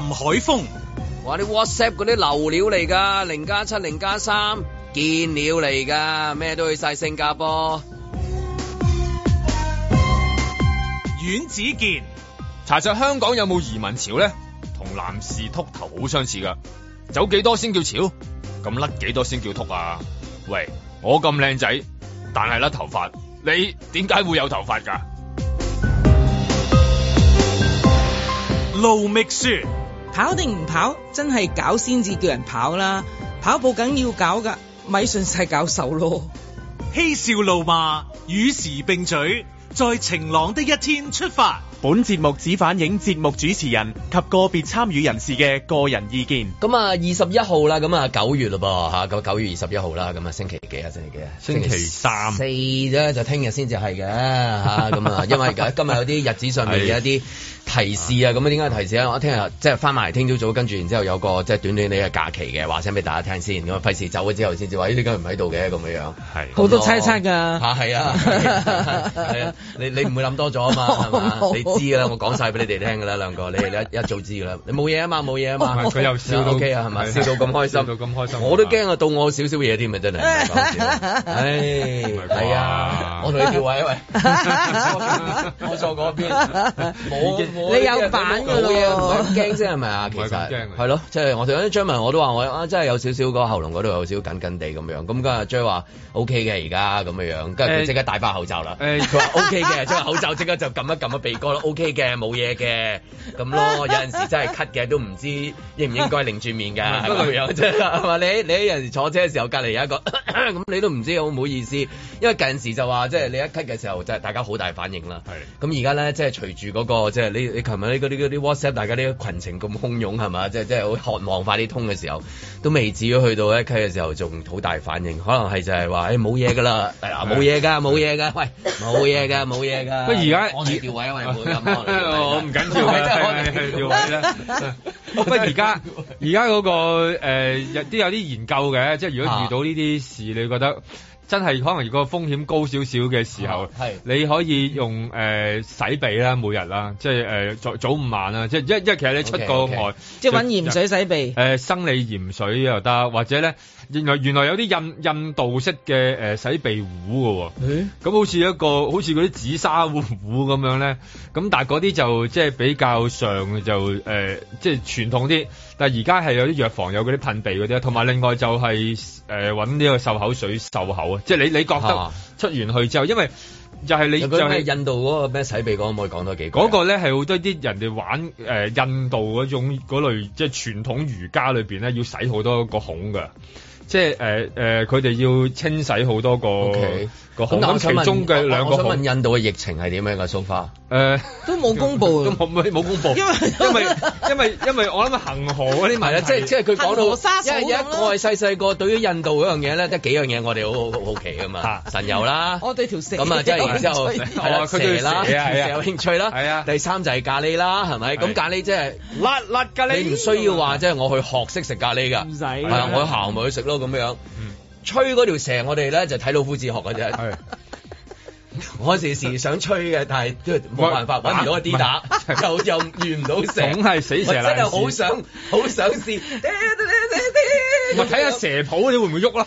林海峰，話啲 WhatsApp 嗰啲流料嚟噶，零加七零加三見料嚟噶，咩都去晒新加坡。阮子健，查實香港有冇移民潮咧？同男士禿頭好相似噶，走幾多先叫潮？咁甩幾多先叫禿啊？喂，我咁靚仔，但係甩頭髮，你點解會有頭髮噶？盧覓雪。跑定唔跑，真係搞先至叫人跑啦！跑步梗要搞噶，咪順勢搞瘦咯。嬉笑怒罵與時並舉，在晴朗的一天出發。本節目只反映節目主持人及個別參與人士嘅個人意見。咁啊，二十一號啦，咁啊九月啦噃吓，咁九月二十一號啦，咁啊星期幾啊？星期幾啊？星期三、星期四啫，就聽日先至係嘅吓，咁 啊，因為今日有啲日子上面嘅一啲提示啊，咁、哎、啊，點解提示啊？我聽日即係翻埋，聽朝早跟住，然之後有個即係短短啲嘅假期嘅，話聲俾大家聽先，咁啊，費事走咗之後先至話，咦、啊，你今日唔喺度嘅咁嘅樣。係好多猜測噶。係啊，你你唔會諗多咗啊嘛，係 嘛？知噶啦，我講晒俾你哋聽噶啦，兩個你哋一一早知噶啦，你冇嘢啊嘛，冇嘢啊嘛，佢又笑到、嗯、OK 啊，係咪？笑到咁開心，笑到咁開心，我都驚啊，到我有少少嘢添啊，真係，唉，係啊，我同你調位喂，我坐嗰邊，冇你有板㗎啦，驚先係咪啊？其實係咯，即係我同阿張文我都話我啊，真係有少少個喉嚨嗰度有少少緊緊地咁樣，咁跟阿 J 話 OK 嘅而家咁嘅樣，跟住佢即刻戴翻口罩啦，佢話 OK 嘅，將個口罩即刻就撳一撳鼻哥咯。O K 嘅，冇嘢嘅，咁咯。有陣時真係咳嘅，都唔知應唔應該擰住面㗎。咁樣啫，係 嘛？你你有陣時坐車嘅時候，隔籬有一個。 咁、 嗯、你都唔知好唔好意思，因為近時就話即係你一咳嘅時候就大家好大反應啦。係，咁而家咧即係隨住嗰個即係你你琴日啲嗰啲 WhatsApp，大家啲群情咁洶湧係嘛？即係即係好渴望快啲通嘅時候，都未至於去到一咳嘅時候仲好大反應，可能係就係話誒冇嘢噶啦，冇嘢噶冇嘢噶，喂冇嘢噶冇嘢噶。不過而家我住調 位我唔緊要啦。 不過而家而家嗰個誒、呃、有啲有啲研究嘅，即係如果遇到呢啲事，啊，你覺得真係可能如果風險高少少嘅時候，係、啊、你可以用誒、呃、洗鼻啦，每日啦，即係誒早早午晚啦，即係一一其實你出個外，okay, okay. 即係揾鹽水洗鼻，誒、呃、生理鹽水又得，或者咧。原來原來有啲印印度式嘅誒、呃、洗鼻壺嘅喎、哦，咁、欸嗯、好似一個好似嗰啲紫砂壺咁樣咧，咁、嗯、但係嗰啲就即係比較上就誒、呃、即係傳統啲，但係而家係有啲藥房有嗰啲噴鼻嗰啲，同埋另外就係誒揾呢個漱口水漱口啊，即係你你覺得出完去之後，因為就係你、就是是，如果、是、係、呃、印度嗰個咩洗鼻講，可唔可以講多幾句？嗰個咧係好多啲人哋玩誒印度嗰種嗰類即係傳統瑜伽裏邊咧，要洗好多個孔嘅。即係誒誒，佢、呃、哋、呃、要清洗好多個、okay. 個。咁咁其中嘅兩個河，我想問印度嘅疫情係點樣㗎噶？So far 誒都冇公佈，都冇冇冇公佈 因為。 因為因為因為我諗阿恒河嗰啲咪咧，即係即係佢講到。沙沙咁咯。係細細個小小對於印度嗰樣嘢咧，得幾樣嘢我哋好好好奇㗎嘛。 神油啦，我對條蛇咁啊，即係然之後係啦，佢對蛇有興趣啦。第三就係咖喱啦，係咪？咁咖喱即係辣辣咖喱。你唔需要話即係我去學識食咖喱㗎，唔使係啊，我行咪去食咯。哦。咁樣吹嗰條蛇我們，我哋咧就睇《老夫子》學嘅啫。我時時想吹嘅，但係都冇辦法揾唔到一個跌打，又 又,又遇唔到蛇。總係死蛇啦！真係好想好想試，我睇下 想試 蛇譜你會唔會喐啦？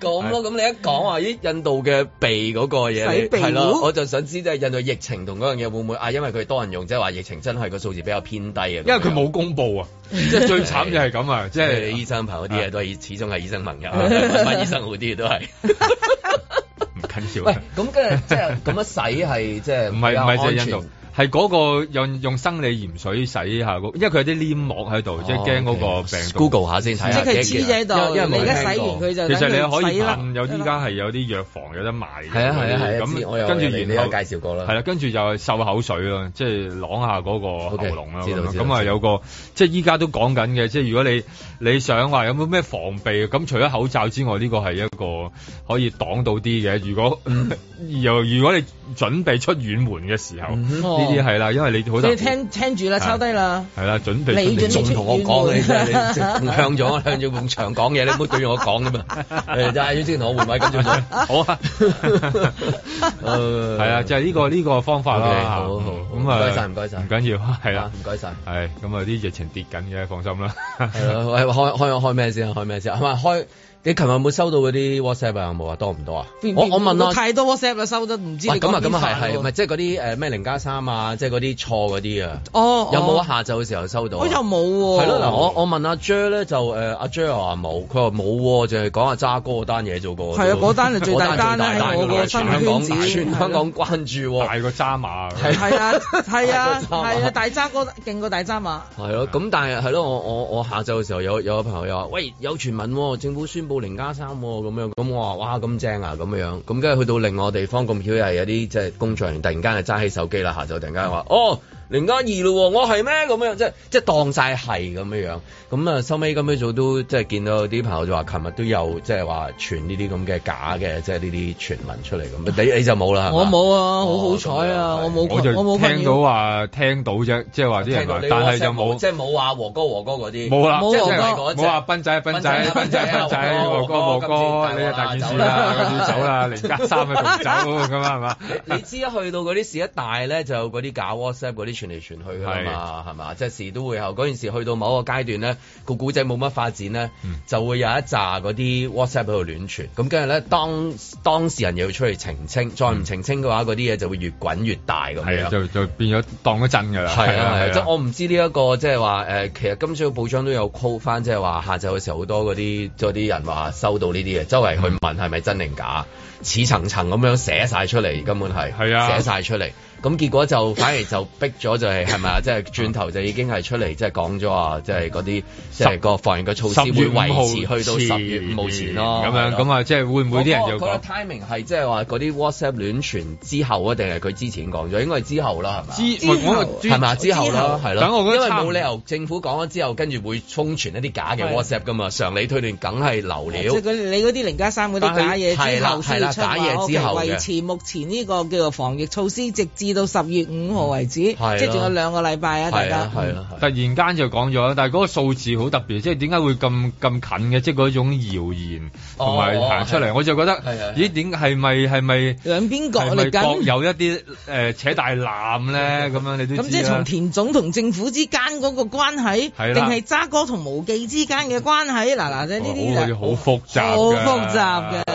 咁咯，咁你一講話，咦，印度嘅鼻嗰個嘢，係咯，我就想知即係印度疫情同嗰樣嘢會唔會啊？因為佢多人用，即係話疫情真係個數字比較偏低啊。因為佢冇公佈啊，即係 最慘就係咁啊，即係醫生朋友啲嘢都係始終係醫生朋友都，啊、始醫生 醫生好啲都係。唔緊要。喂，咁跟即係咁樣洗係即係唔係唔係即係印度。係，嗰個用用生理鹽水洗一下，因為佢有啲黏膜喺度，哦就是 okay.，即係驚嗰個病。Google 下先睇。即係黐喺度，你而家洗完佢就。其實你可以噴，有依家係有啲藥房有得賣。係啊係啊係咁，嗯啊、跟住然後有你介紹過啦。係啦，啊，跟住就漱口水咯，即係啷下嗰個喉嚨啦。咁、okay, 啊有個即係依家都講緊嘅，即係如果你你想話有冇咩防備咁除咗口罩之外，呢、這個係一個可以擋到啲嘅。如果由、嗯、 如果你準備出遠門嘅時候，呢啲係啦，因為你好多你聽聽住啦，抄低啦，係啦，準備。你仲同我講 你，你，你，你，你，你，你向左向左碰牆講嘢，你唔好對住我講㗎嘛。就阿宇先同我換位跟住就，好啊。係 啊， 就係、是、呢、這個呢 個方法啦。Okay, 好，咁唔該晒，唔該晒，唔緊要，係啦，唔該晒，係。咁啊，啲、uh, 啊、 疫情跌緊嘅，放心啦。係 咯，開開開咩先啊？開咩先、啊？係咪開？開你琴日有冇收到嗰啲 WhatsApp 啊？有冇啊，多唔多啊？我我問咯，啊，太多 WhatsApp 啊，收得唔知咁啊咁啊係係，唔係即係嗰啲誒咩零加三啊，即係嗰啲錯嗰啲啊。哦，有冇啊？下晝嘅時候收到？我又冇喎。係咯，嗱我我問阿，啊、Jere 咧就誒阿 Jere 話冇，佢話冇，就係講阿渣哥單嘢做過。係啊，嗰單係最大單啊，嗯，係我個新圈子，香港，香港關注大過渣馬。係啊係啊係啊！大渣哥勁過大渣馬。係咯，咁但係係咯，我我我下晝嘅時候有有個朋友又話，喂，有傳聞，啊、政府宣。報零加三咁、啊、樣咁我話：哇，咁正啊！咁樣咁跟住去到另外地方，咁巧又係有啲即係工作人員突然間就揸起手機啦，吓就突然間話、嗯、哦！零加二嘞喎，我係咩咁樣？即係即係當晒係咁樣樣。咁啊收尾咁樣早都即係見到啲朋友就話，琴日都有即係話傳呢啲咁嘅假嘅，即係呢啲傳聞出嚟咁。你你就冇啦，我冇啊，哦、好好彩啊，我冇，我冇聽到話聽到啫，即係話啲，人但係就冇，即係冇話和哥和哥嗰啲，冇啦，即係冇話和哥，冇話斌仔斌仔斌仔斌、啊、仔、啊仔啊、和哥和哥呢一大、大件事啦、啊，要走啦，零加三嘅同走咁啊嘛？你你知一去到嗰啲事一大咧，就嗰啲假 WhatsApp 嗰啲。傳嚟傳去噶嘛，係嘛，即係時都會後嗰陣時去到某個階段咧，個古仔冇乜發展咧，嗯，就會有一紮嗰啲 WhatsApp 喺度亂傳，咁跟住咧當當事人又出嚟澄清，再唔澄清嘅話，嗰啲嘢就會越滾越大咁樣，就就變咗當咗真噶啦。係啊，啊，啊，啊，啊，即係我唔知呢一，這個即係話誒，其實今朝嘅報章都有 call 翻，即係話下晝嘅時候好多嗰啲嗰啲人話收到呢啲嘢，周圍去問係咪真定假，似層層咁樣寫晒出嚟，根本係係啊，寫晒出嚟。咁結果就反而就逼咗就係係咪啊？即係、 就是、轉頭就已經係出嚟即係講咗啊！即係嗰啲即係個防疫嘅措施會維持去到十月五號前咯。咁樣咁啊，即係會唔會啲人是就講？佢個 timing 係？即係話嗰啲 WhatsApp 亂傳之後啊，定係佢之前講咗？應該係之後啦，係咪？之後係咪？之後啦，係咯。因為冇理由政府講咗之後，跟住會瘋傳一啲假嘅 WhatsApp 噶嘛？常理推斷，梗係流料。即、啊、係、就是、你嗰啲零加三嗰啲假嘢之後先出嚟，維持目前呢個叫做防疫措施直至至到十月五號為止，啊、即仲有兩個禮拜啊！大家係啊，啊，啊，啊突然間就講咗，但係嗰個數字好特別，即係點解會咁咁近嘅？即係嗰種謠言同埋行出嚟、哦啊，我就覺得、啊啊、咦？點係咪係咪兩邊角力？各有一啲誒、呃、扯大纜咧咁樣，你都咁即係從田總同政府之間嗰個關係，定係揸哥同無記之間嘅關係？嗱嗱啫，呢啲就好複雜、好複雜嘅。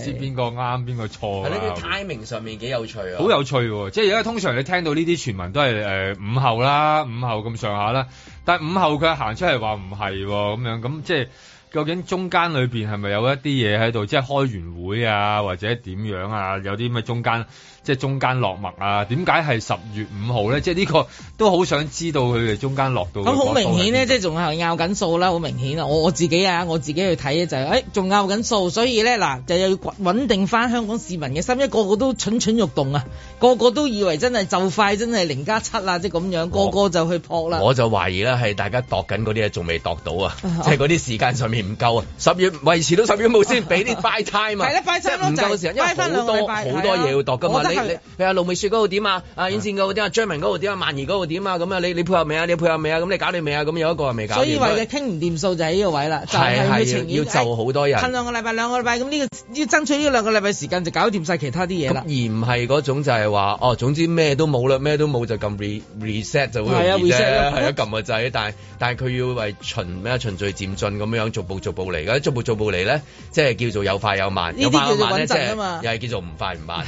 唔知邊個啱邊個錯，呢啲 timing 上面幾有趣啊！好有趣喎，即係而家通常你聽到呢啲傳聞都係誒午後啦，午後咁上下啦，但係午後佢行出嚟話唔係咁樣，咁即係究竟中間裏面係咪有一啲嘢喺度，即係開完會啊或者點樣啊，有啲咩中間？即係中間落墨啊？點解係十月五號咧？即係呢個都好想知道佢哋中間落到。咁、啊、好明顯咧，即係仲係拗緊數啦，好明顯啊！我我自己啊，我自己去睇咧就係、是，誒、欸，仲拗緊數，所以咧嗱，就又要穩定翻香港市民嘅心，一個個都蠢蠢欲動啊，個個都以為真係就快真係零加七啦，即係咁樣，個個就去撲啦。我就懷疑啦，係大家度緊嗰啲啊，仲未度到啊，即係嗰啲時間上面唔夠啊！十月維持到十月五號先俾啲 buy time 啊，好、 啊就是、因為好多好多嘢要度噶嘛。Uh, 你阿盧美雪嗰度點啊？啊尹善嗰個點啊？張明嗰度點啊？萬兒嗰度點啊？咁啊，你你配合未啊？你配合未啊？咁你，你搞掂未啊？咁有一個啊未搞？所以話你傾唔掂數就喺呢個位啦。就係，要就好多人。趁兩個禮拜，兩個禮拜咁呢個要爭取呢兩個禮拜時間就搞掂晒其他啲嘢，而唔係嗰種就係話哦，總之咩都冇啦，咩都冇就撳 reset 就好容易啫。係係啊，撳個掣、啊嗯啊、但係但係佢要為循咩循序漸進咁樣逐步逐步嚟嘅。逐步逐步嚟咧，即係叫做有快有慢，有快有慢咧，又係叫做唔快唔慢，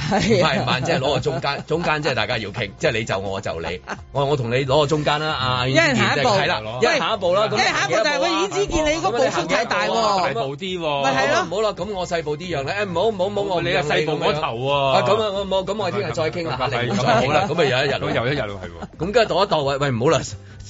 即係攞個中間，中間即係大家要傾，即、就、係、係、你就我，我就你，我我同你攞個中間啦。啊，然之後係啦，一下一步啦，因一下一步但係我已知見你嗰步幅太大喎，大步啲、啊啊啊嗯啊 啊啊，喂，係咯，唔好啦，咁我細步啲樣咧，誒唔好唔好唔好，你啊細步嗰頭喎，咁啊我冇，咁我聽日再傾啦，咁啊好啦，咁啊有一日咯，又一日喎係喎，咁跟住度一度喂喂唔好啦。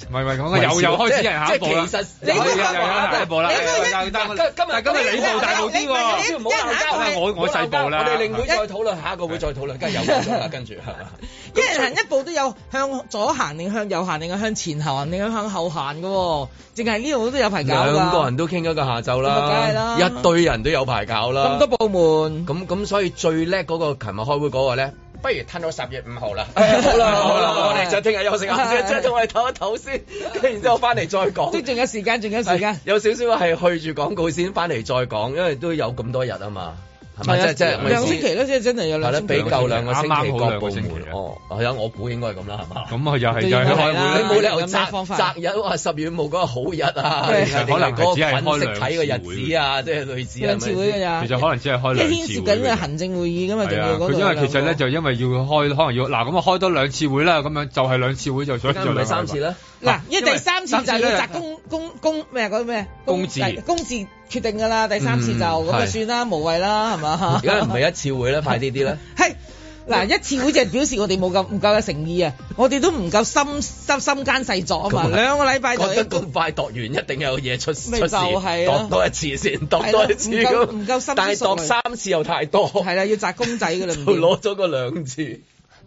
唔係唔係講，又又開始有下一步。即係其實你都講大步啦，你都跟曬佢。今日今日你步大步啲喎，即係我我細步啦。我哋另會再討論，下一會下個會再討論，梗係有步數啦。跟住係嘛？因為人一步都有向左行、定向右行、定向前行、定向後行㗎喎，淨係呢度都有排搞㗎。兩個人都傾咗個下晝啦，一堆人都有排搞啦。咁多部門，咁咁所以最叻嗰個，琴日開會嗰個呢。不如褪到十月 五號啦，好啦好啦，我哋就聽日休息下，即先即我哋唞一唞先，跟住然之後翻嚟再講，即係仲有時間，仲有時間， 有少少係去住廣告先翻嚟再講，因為都有咁多日啊嘛。係啊，即係兩星期咧，即係真係有兩比較兩個星期各半個星期哦，係啊，嗯、我估應該係咁啦，係、嗯、嘛？咁、嗯嗯嗯嗯、啊，又係又係，你冇你有理由擇日話十月冇嗰個好日啊， 可能佢只係開睇個日子啊，即、就、係、是、類似兩次會啊。其實可能只係開兩次會。緊嘅行政會議咁嘛。要嗰佢因為其實咧，就因為要開，可能要嗱咁啊、嗯，開多兩次會啦。咁樣就係、是、兩次會就，所以三次嗱、啊，因為第三次就要擲公公公咩嗰啲咩？公字，公字決定㗎啦！第三次就咁、嗯、就算啦，無謂啦，係嘛？而家唔係一次會啦， 快啲啲啦！係嗱，啊、一次會就係表示我哋冇咁唔夠嘅誠意啊！我哋都唔夠心心心間細作啊嘛！兩個禮拜講得咁快，擲完一定有嘢出出事，擲、就係啊、多一次先，擲多一次唔、啊、夠心，但係擲三次又太多。係啦、啊，要擲公仔㗎啦。攞咗個兩次。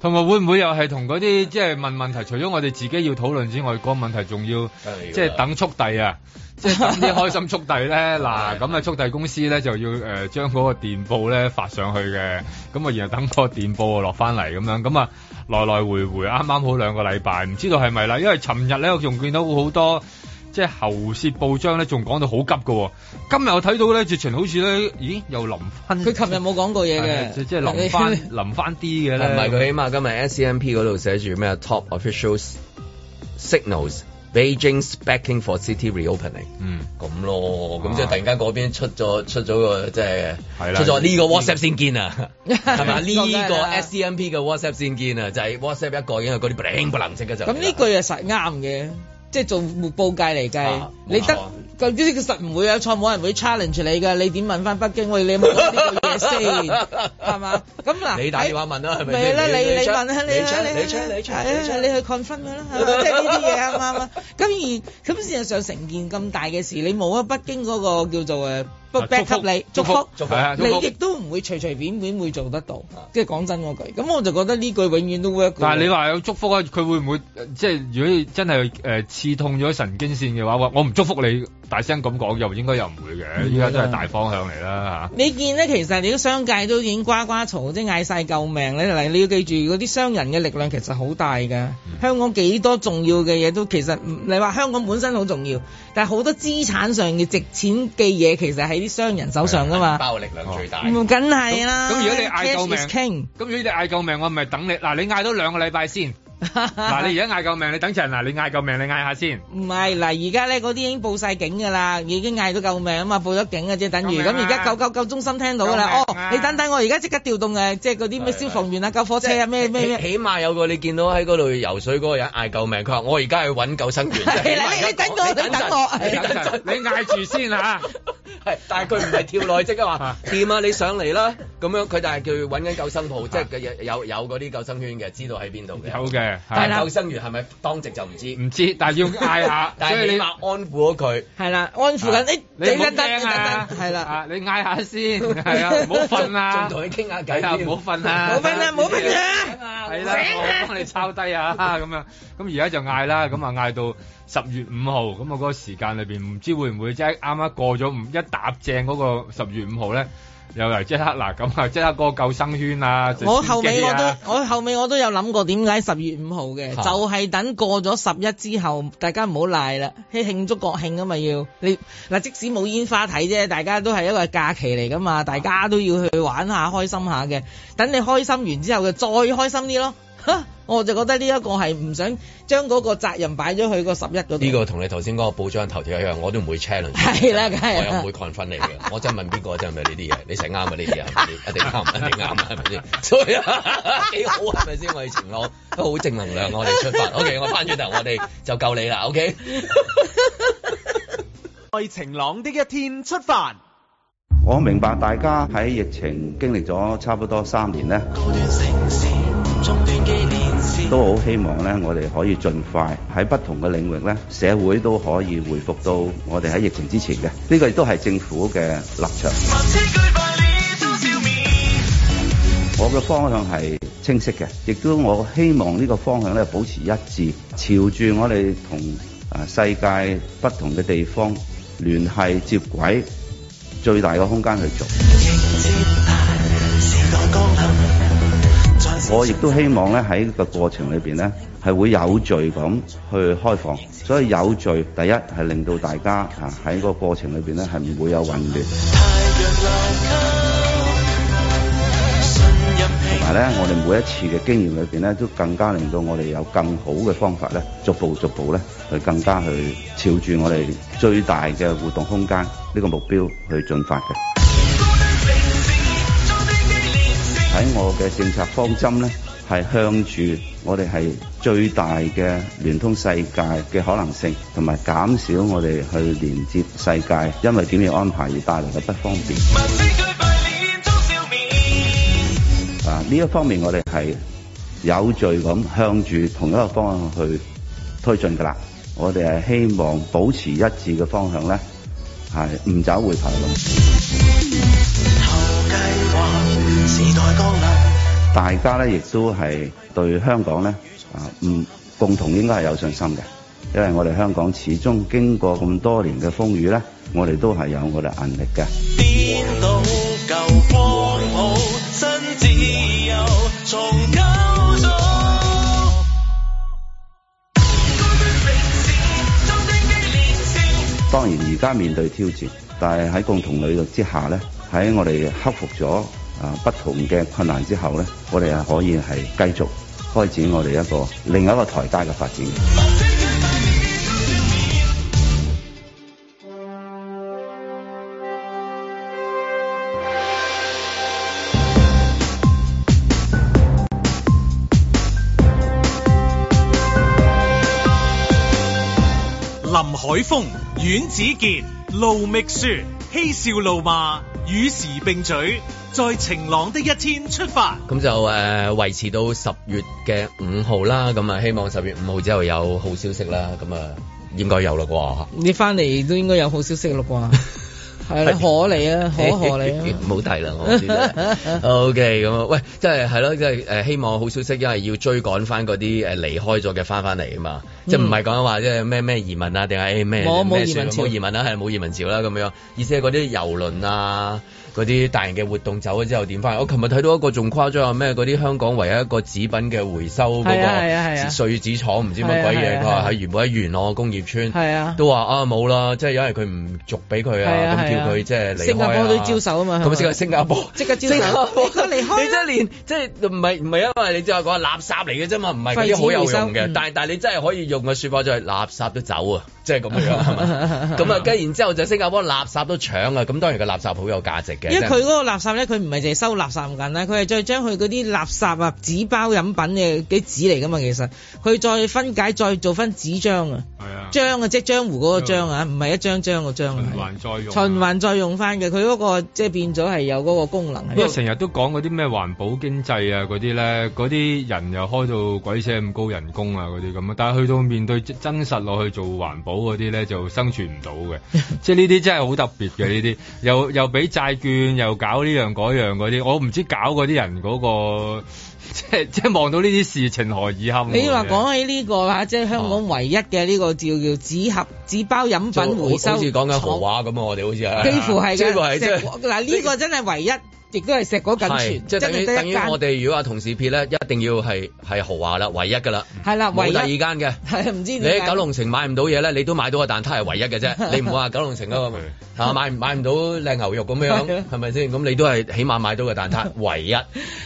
同埋會唔會又係同嗰啲即係問問題？除咗我哋自己要討論之外，個問題仲要即係等速遞啊！ 即係等啲開心速遞咧，嗱咁啊，速遞公司咧就要、呃、將嗰個電報咧發上去嘅，咁啊然後等個電報落翻嚟咁樣，咁啊來來回回啱啱好兩個禮拜，唔知道係咪啦？因為尋日咧，我仲見到好多。即係喉舌報章咧，仲講到好急噶、哦。今日我睇到咧，直情好似咧，咦？又臨翻。佢琴日冇講過嘢嘅。是是 即係臨翻， 臨翻啲嘅啦。唔係佢起碼今日 S C M P 嗰度寫住咩？Top officials signals Beijing's backing for city reopening。咁、嗯、咯，咁即係突然間嗰邊出咗出咗個即係，出咗呢個，個、就是啊、個 WhatsApp 先見啊，係 嘛？呢、這個 S C M P 嘅 WhatsApp 先見啊，就係、是、WhatsApp 一個已經係嗰啲砰砰聲嘅就。咁呢句係實啱嘅。即係做報界嚟計，啊、你得究竟其實唔會有錯，冇人會 challenge 你㗎。你點問翻北京喂？你沒有冇呢啲嘢先係嘛？咁 嗱，你打電話問啦，係咪？係啦，你你問下你你你你、你、你、你、你、你、你、你、啊、你去 confirm 㗎啦，係咪？即係呢啲嘢啱唔啱啊？咁、就是、 而咁事實上成件咁大嘅事，你冇啊？北京嗰個叫做誒。不 back 給你祝福，你亦都唔會隨隨便便便會做得到。即係講真嗰句，咁我就覺得呢句永遠都 work。但係你話有祝福啊？佢會唔會？呃、即係如果真係誒、呃、刺痛咗神經線嘅話，我唔祝福你。大聲咁講又應該又唔會嘅，依家都係大方向嚟啦、啊、你見咧，其實你啲商界，都已經呱呱嘈，即嗌晒救命，你嚟，你要記住，嗰啲商人嘅力量其實好大㗎、嗯。香港幾多重要嘅嘢都其實，你話香港本身好重要，但係好多資產上嘅值錢嘅嘢，其實喺啲商人手上噶嘛。錢包力量最大。梗係啦。咁如果你嗌救命，咁如果你嗌救命，我咪等你嗱，你嗌多兩個禮拜先。嗱， 你而家嗌救命，你等陣嗱，你嗌救命，你嗌下先。唔係，嗱，而家咧嗰啲已經報晒警噶啦，已經嗌咗救,救命啊嘛，報咗警嘅啫，等於咁而家救救救中心聽到噶啦、啊。哦，你等等我，而家即刻調動誒，即係嗰啲咩消防員啊、救火車啊咩咩咩。起碼有個你見到喺嗰度游水嗰個人嗌救命，佢話我而家去搵救生員你你。你等我，你等我，你嗌 住先啊。 但係佢唔係跳落去即係嘛？掂 啊，你上嚟啦。咁樣，佢就係叫搵緊救生袍，即 係有有嗰啲救生圈嘅，知道喺邊度嘅。 但係，救生員，係咪，當值就唔知。唔知，但係要嗌下。但係，你起碼，安撫咗佢。係啦，安撫緊，但是， 又嚟即刻嗱，咁啊即刻嗰個救生圈啊！啊我後尾我都我後尾我都有諗過點解十月五號嘅， 就係等過咗十一之後，大家唔好賴啦，慶祝國慶啊嘛要你嗱，即使冇煙花睇啫，大家都係一個假期嚟噶嘛，大家都要去玩下，開心下嘅。等你開心完之後，就再開心啲咯。我就覺得呢一個係唔想將嗰個責任擺咗去個十一嗰度。呢個同你個頭先嗰個報章頭條一樣，我都唔會 challenge。係啦，係我又唔會 confront 你嘅。我， 我真係問邊個真係呢啲嘢？ 是是 你成啱嘅呢啲嘢？ 一定啱，一定啱，係咪先？所以幾 挺好，係咪先？我哋晴朗 都好正能量， 我哋出發。OK，我翻轉頭，我 哋就救你啦。OK，為 晴朗的一天出發。我明白大家喺疫情經歷咗差不多三年段城市。都好希望咧，我哋可以盡快喺不同嘅領域咧，社會都可以回復到我哋喺疫情之前嘅。呢、這個亦都係政府嘅立場。我嘅方向係清晰嘅，亦都我希望呢個方向咧保持一致，朝住我哋同誒世界不同嘅地方聯繫接軌，最大嘅空間去做。我亦都希望咧喺個過程裏面咧係會有序咁去開放，所以有序第一係令到大家啊喺個過程裏面咧係唔會有混亂。同埋咧，我哋每一次嘅經驗裏面咧，都更加令到我哋有更好嘅方法咧，逐步逐步咧去更加去朝住我哋最大嘅活動空間呢個目標去進發嘅。喺我嘅政策方針咧，係向住我哋係最大嘅聯通世界嘅可能性，同埋減少我哋去連接世界，因為點樣安排而帶嚟嘅不方便。啊，呢一方面我哋係有序咁向住同一個方向去推進噶啦。我哋係希望保持一致嘅方向咧，係唔走回頭路。大家咧亦都係對香港咧啊，唔共同應該係有信心嘅，因為我哋香港始終經過咁多年嘅風雨咧，我哋都係有我哋毅力嘅。當然而家面對挑戰，但係喺共同努力之下呢，喺我哋克服咗。啊！不同嘅困難之後咧，我哋可以係繼續開展我哋一個另一個台階嘅發展。林海峰、阮子傑、盧覓雪、嬉笑怒罵，與時並舉。在晴朗的一天出發，咁就誒、呃、維持到十月嘅五號啦。咁、嗯、啊，希望十月五號之後有好消息啦。咁、嗯、啊，應該有啦啩。你翻嚟都應該有好消息啦啩。係 是啦，可 嚟啊，可可嚟啊。唔 好提啦。O K，咁啊，喂，即係係咯，即係誒，希望好消息，因為要追趕翻嗰啲誒離開咗嘅翻翻嚟啊嘛。即係唔係講話即係咩咩移民啊，定係咩？冇冇移，移民啊，係冇移民潮啦、啊。咁樣，意思係嗰啲遊輪啊。嗰啲大型嘅活動走咗之後點翻？我琴日睇到一個仲誇張啊，咩嗰啲香港唯一一個紙品嘅回收嗰個紙、啊啊啊、紙碎紙廠，唔知乜鬼嘢，佢話喺原本喺元朗工業村，啊、都話啊冇啦，即係因為佢唔續俾佢啊，咁叫佢即係離開啊。新加坡都招手啊嘛，咁啊即刻新加坡即刻招手，新加、啊、 你真係即係唔係唔係因為你即係話垃圾嚟嘅啫嘛，唔係啲好有用嘅，但係但係你真係可以用嘅説法就係垃圾都走啊，即係咁樣係咁啊，跟然之後就新加坡垃圾都搶啊，咁當然個垃圾好有價值因為佢嗰個垃圾咧，佢唔係淨係收垃圾唔緊啦，佢係再將佢嗰啲垃圾啊、紙包飲品嘅啲紙嚟㗎嘛，其實佢、啊、再分解再做翻紙張啊，張啊即係漿糊嗰個漿啊，唔係、啊啊、一張張個張啊，循環再用、啊，循環再用翻嘅，佢嗰、嗰個即係變咗係有嗰個功能。因為成日都講嗰啲咩環保經濟啊嗰啲咧，嗰啲人又開到鬼死咁高人工啊嗰啲咁啊，但係去到面對真實落去做環保嗰啲咧就生存唔到嘅， 即係呢啲真係好特別嘅呢啲，又又俾債券。又搞呢樣嗰樣嗰啲，我唔知搞嗰啲人嗰、嗰個，即係即係望到呢啲事情何以堪。你話講起呢、呢個啦、啊，即係香港唯一嘅呢個叫叫紙盒紙、啊、包飲品回收，好似講緊豪話咁啊！我哋好似係幾乎係幾乎係即係嗱呢個真係唯一。亦都係食嗰間即係等，等於我哋如果話同時撇咧，一定要係係豪華啦，唯一噶啦，係啦，冇第二間嘅，係唔知你喺九龍城買唔到嘢咧，你都買到個蛋撻係唯一嘅啫。 你唔好話九龍城啊，嚇 買唔買唔到靚牛肉咁樣，係咪先？咁你都係起碼買到個蛋撻， 唯一係啦。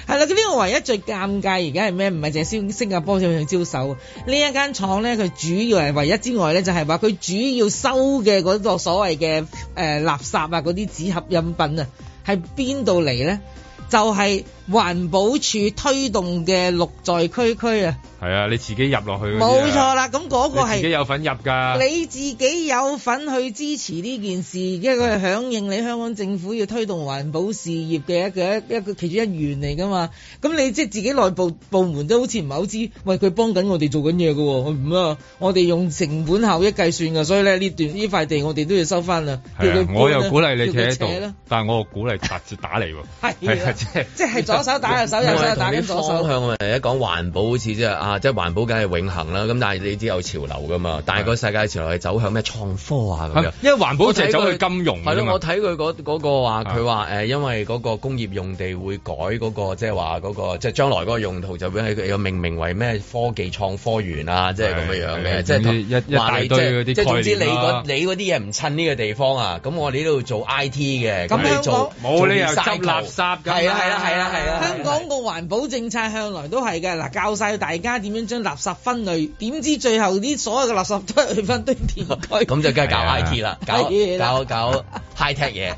咁呢、這個唯一最尷尬而家係咩？唔係淨係新加坡咁樣招手，呢一間廠咧，佢主要係唯一之外咧，就係話佢主要收嘅嗰個所謂嘅誒、呃、垃圾啊，嗰啲紙盒飲品啊。係邊度嚟咧？就係、是、環保署推動嘅綠在區區啊！係啊，你自己入落去。冇錯啦，咁嗰個係自己有份入噶。你自己有份去支持呢件事，因為佢係響應你香港政府要推動環保事業嘅一個一一個，一個，一個其中一員嚟噶嘛。咁你即係自己內部部門都好似唔係好知，喂佢幫緊我哋做緊嘢噶，我唔啊，我哋用成本效益計算噶，所以呢呢段呢塊地我哋都要收翻啦、啊。我又鼓勵你佢扯啦。但係我又鼓勵打 打嚟喎，係、啊， 即係左手打右手， 右手打右手左手。手手手向我哋一講環保好似即係啊！即係環保，梗係永恆啦。咁但係你知有潮流噶嘛？但係個世界潮流係走向咩？創科啊，咁因為環保淨係走去金融。係咯，我睇佢嗰個話，佢話誒，因為嗰個工業用地會改嗰個，即係話嗰個，即係將來嗰個用途就俾你佢命名為咩？科技創科園啊，即係咁樣樣嘅，即係話你即係即係，總之你嗰你啲嘢唔趁呢個地方啊！咁我哋呢度做 I T 嘅，咁你做冇理由執垃圾。係係係係，香港個環保政策向來都係嘅嗱，教晒大家。點樣將垃圾分類？點知最後啲所有嘅垃圾都係去翻堆填區、 嗯。咁就梗係搞 IT 啦， 搞搞搞 high tech 嘢，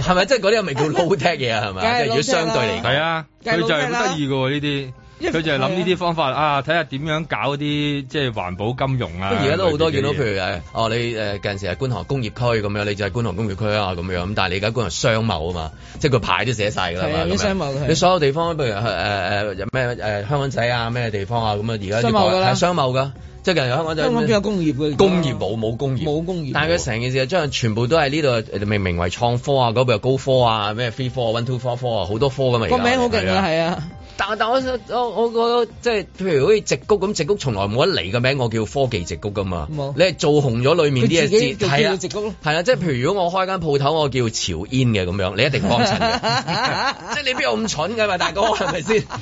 係 咪？ 即係嗰啲又咪叫 low tech 嘢啊？係咪？即係如果相對嚟講，係啊。佢就係好得意噶喎呢啲。佢就係諗呢啲方法啊，睇下點樣搞啲即係環保金融啊！而家都好多見到，譬如誒，哦，你誒近時係觀塘工業區咁樣，你就係觀塘工業區啊咁樣。但係你而家觀塘商貿啊嘛，即係個牌都寫曬㗎啦。係啊，啲商貿係。你所有地方，譬如咩、呃呃呃、香港仔啊咩地方啊咁啊？而家商貿㗎，商貿㗎。即係近年香港仔。香港邊有工業㗎？工業冇，冇工業？冇工業。但係佢成件事將全部都係呢度明明為創科啊，嗰邊又高科啊，咩 three four one two four four 好多科㗎嘛。個名好勁啊！係啊。但但我我我覺得，即係譬如好似矽谷咁，矽谷從來冇得嚟嘅名，我叫科技矽谷噶嘛。冇。你係做紅咗裡面啲嘢字。佢自己就叫矽谷。係啊，即係譬如如果我開間鋪頭，我叫潮煙嘅咁樣，你一定幫襯嘅。 即係你邊有咁蠢嘅嘛，大哥係咪先？是是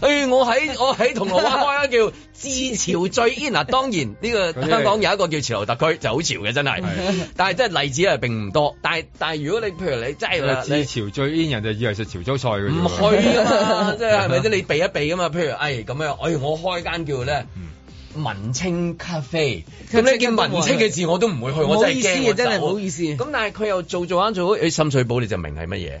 哎，我喺我喺銅鑼灣開間叫。自潮最 in 嗱，當然呢、這個香港有一個叫潮流特區，就好潮嘅真係。但係真係例子係並唔多。但係但係如果你譬如你真係自潮最 in，人就以為食潮州菜嘅。唔去啊嘛，即係係咪即你避一避啊嘛。譬如誒咁、哎、樣，我、哎、我開間叫咧文青咖啡，咁、嗯、叫文青嘅字我都唔會去。唔、嗯、好意思真係唔好意思。咁但係佢又做做下做好，誒、哎、深水埗你就明係乜嘢？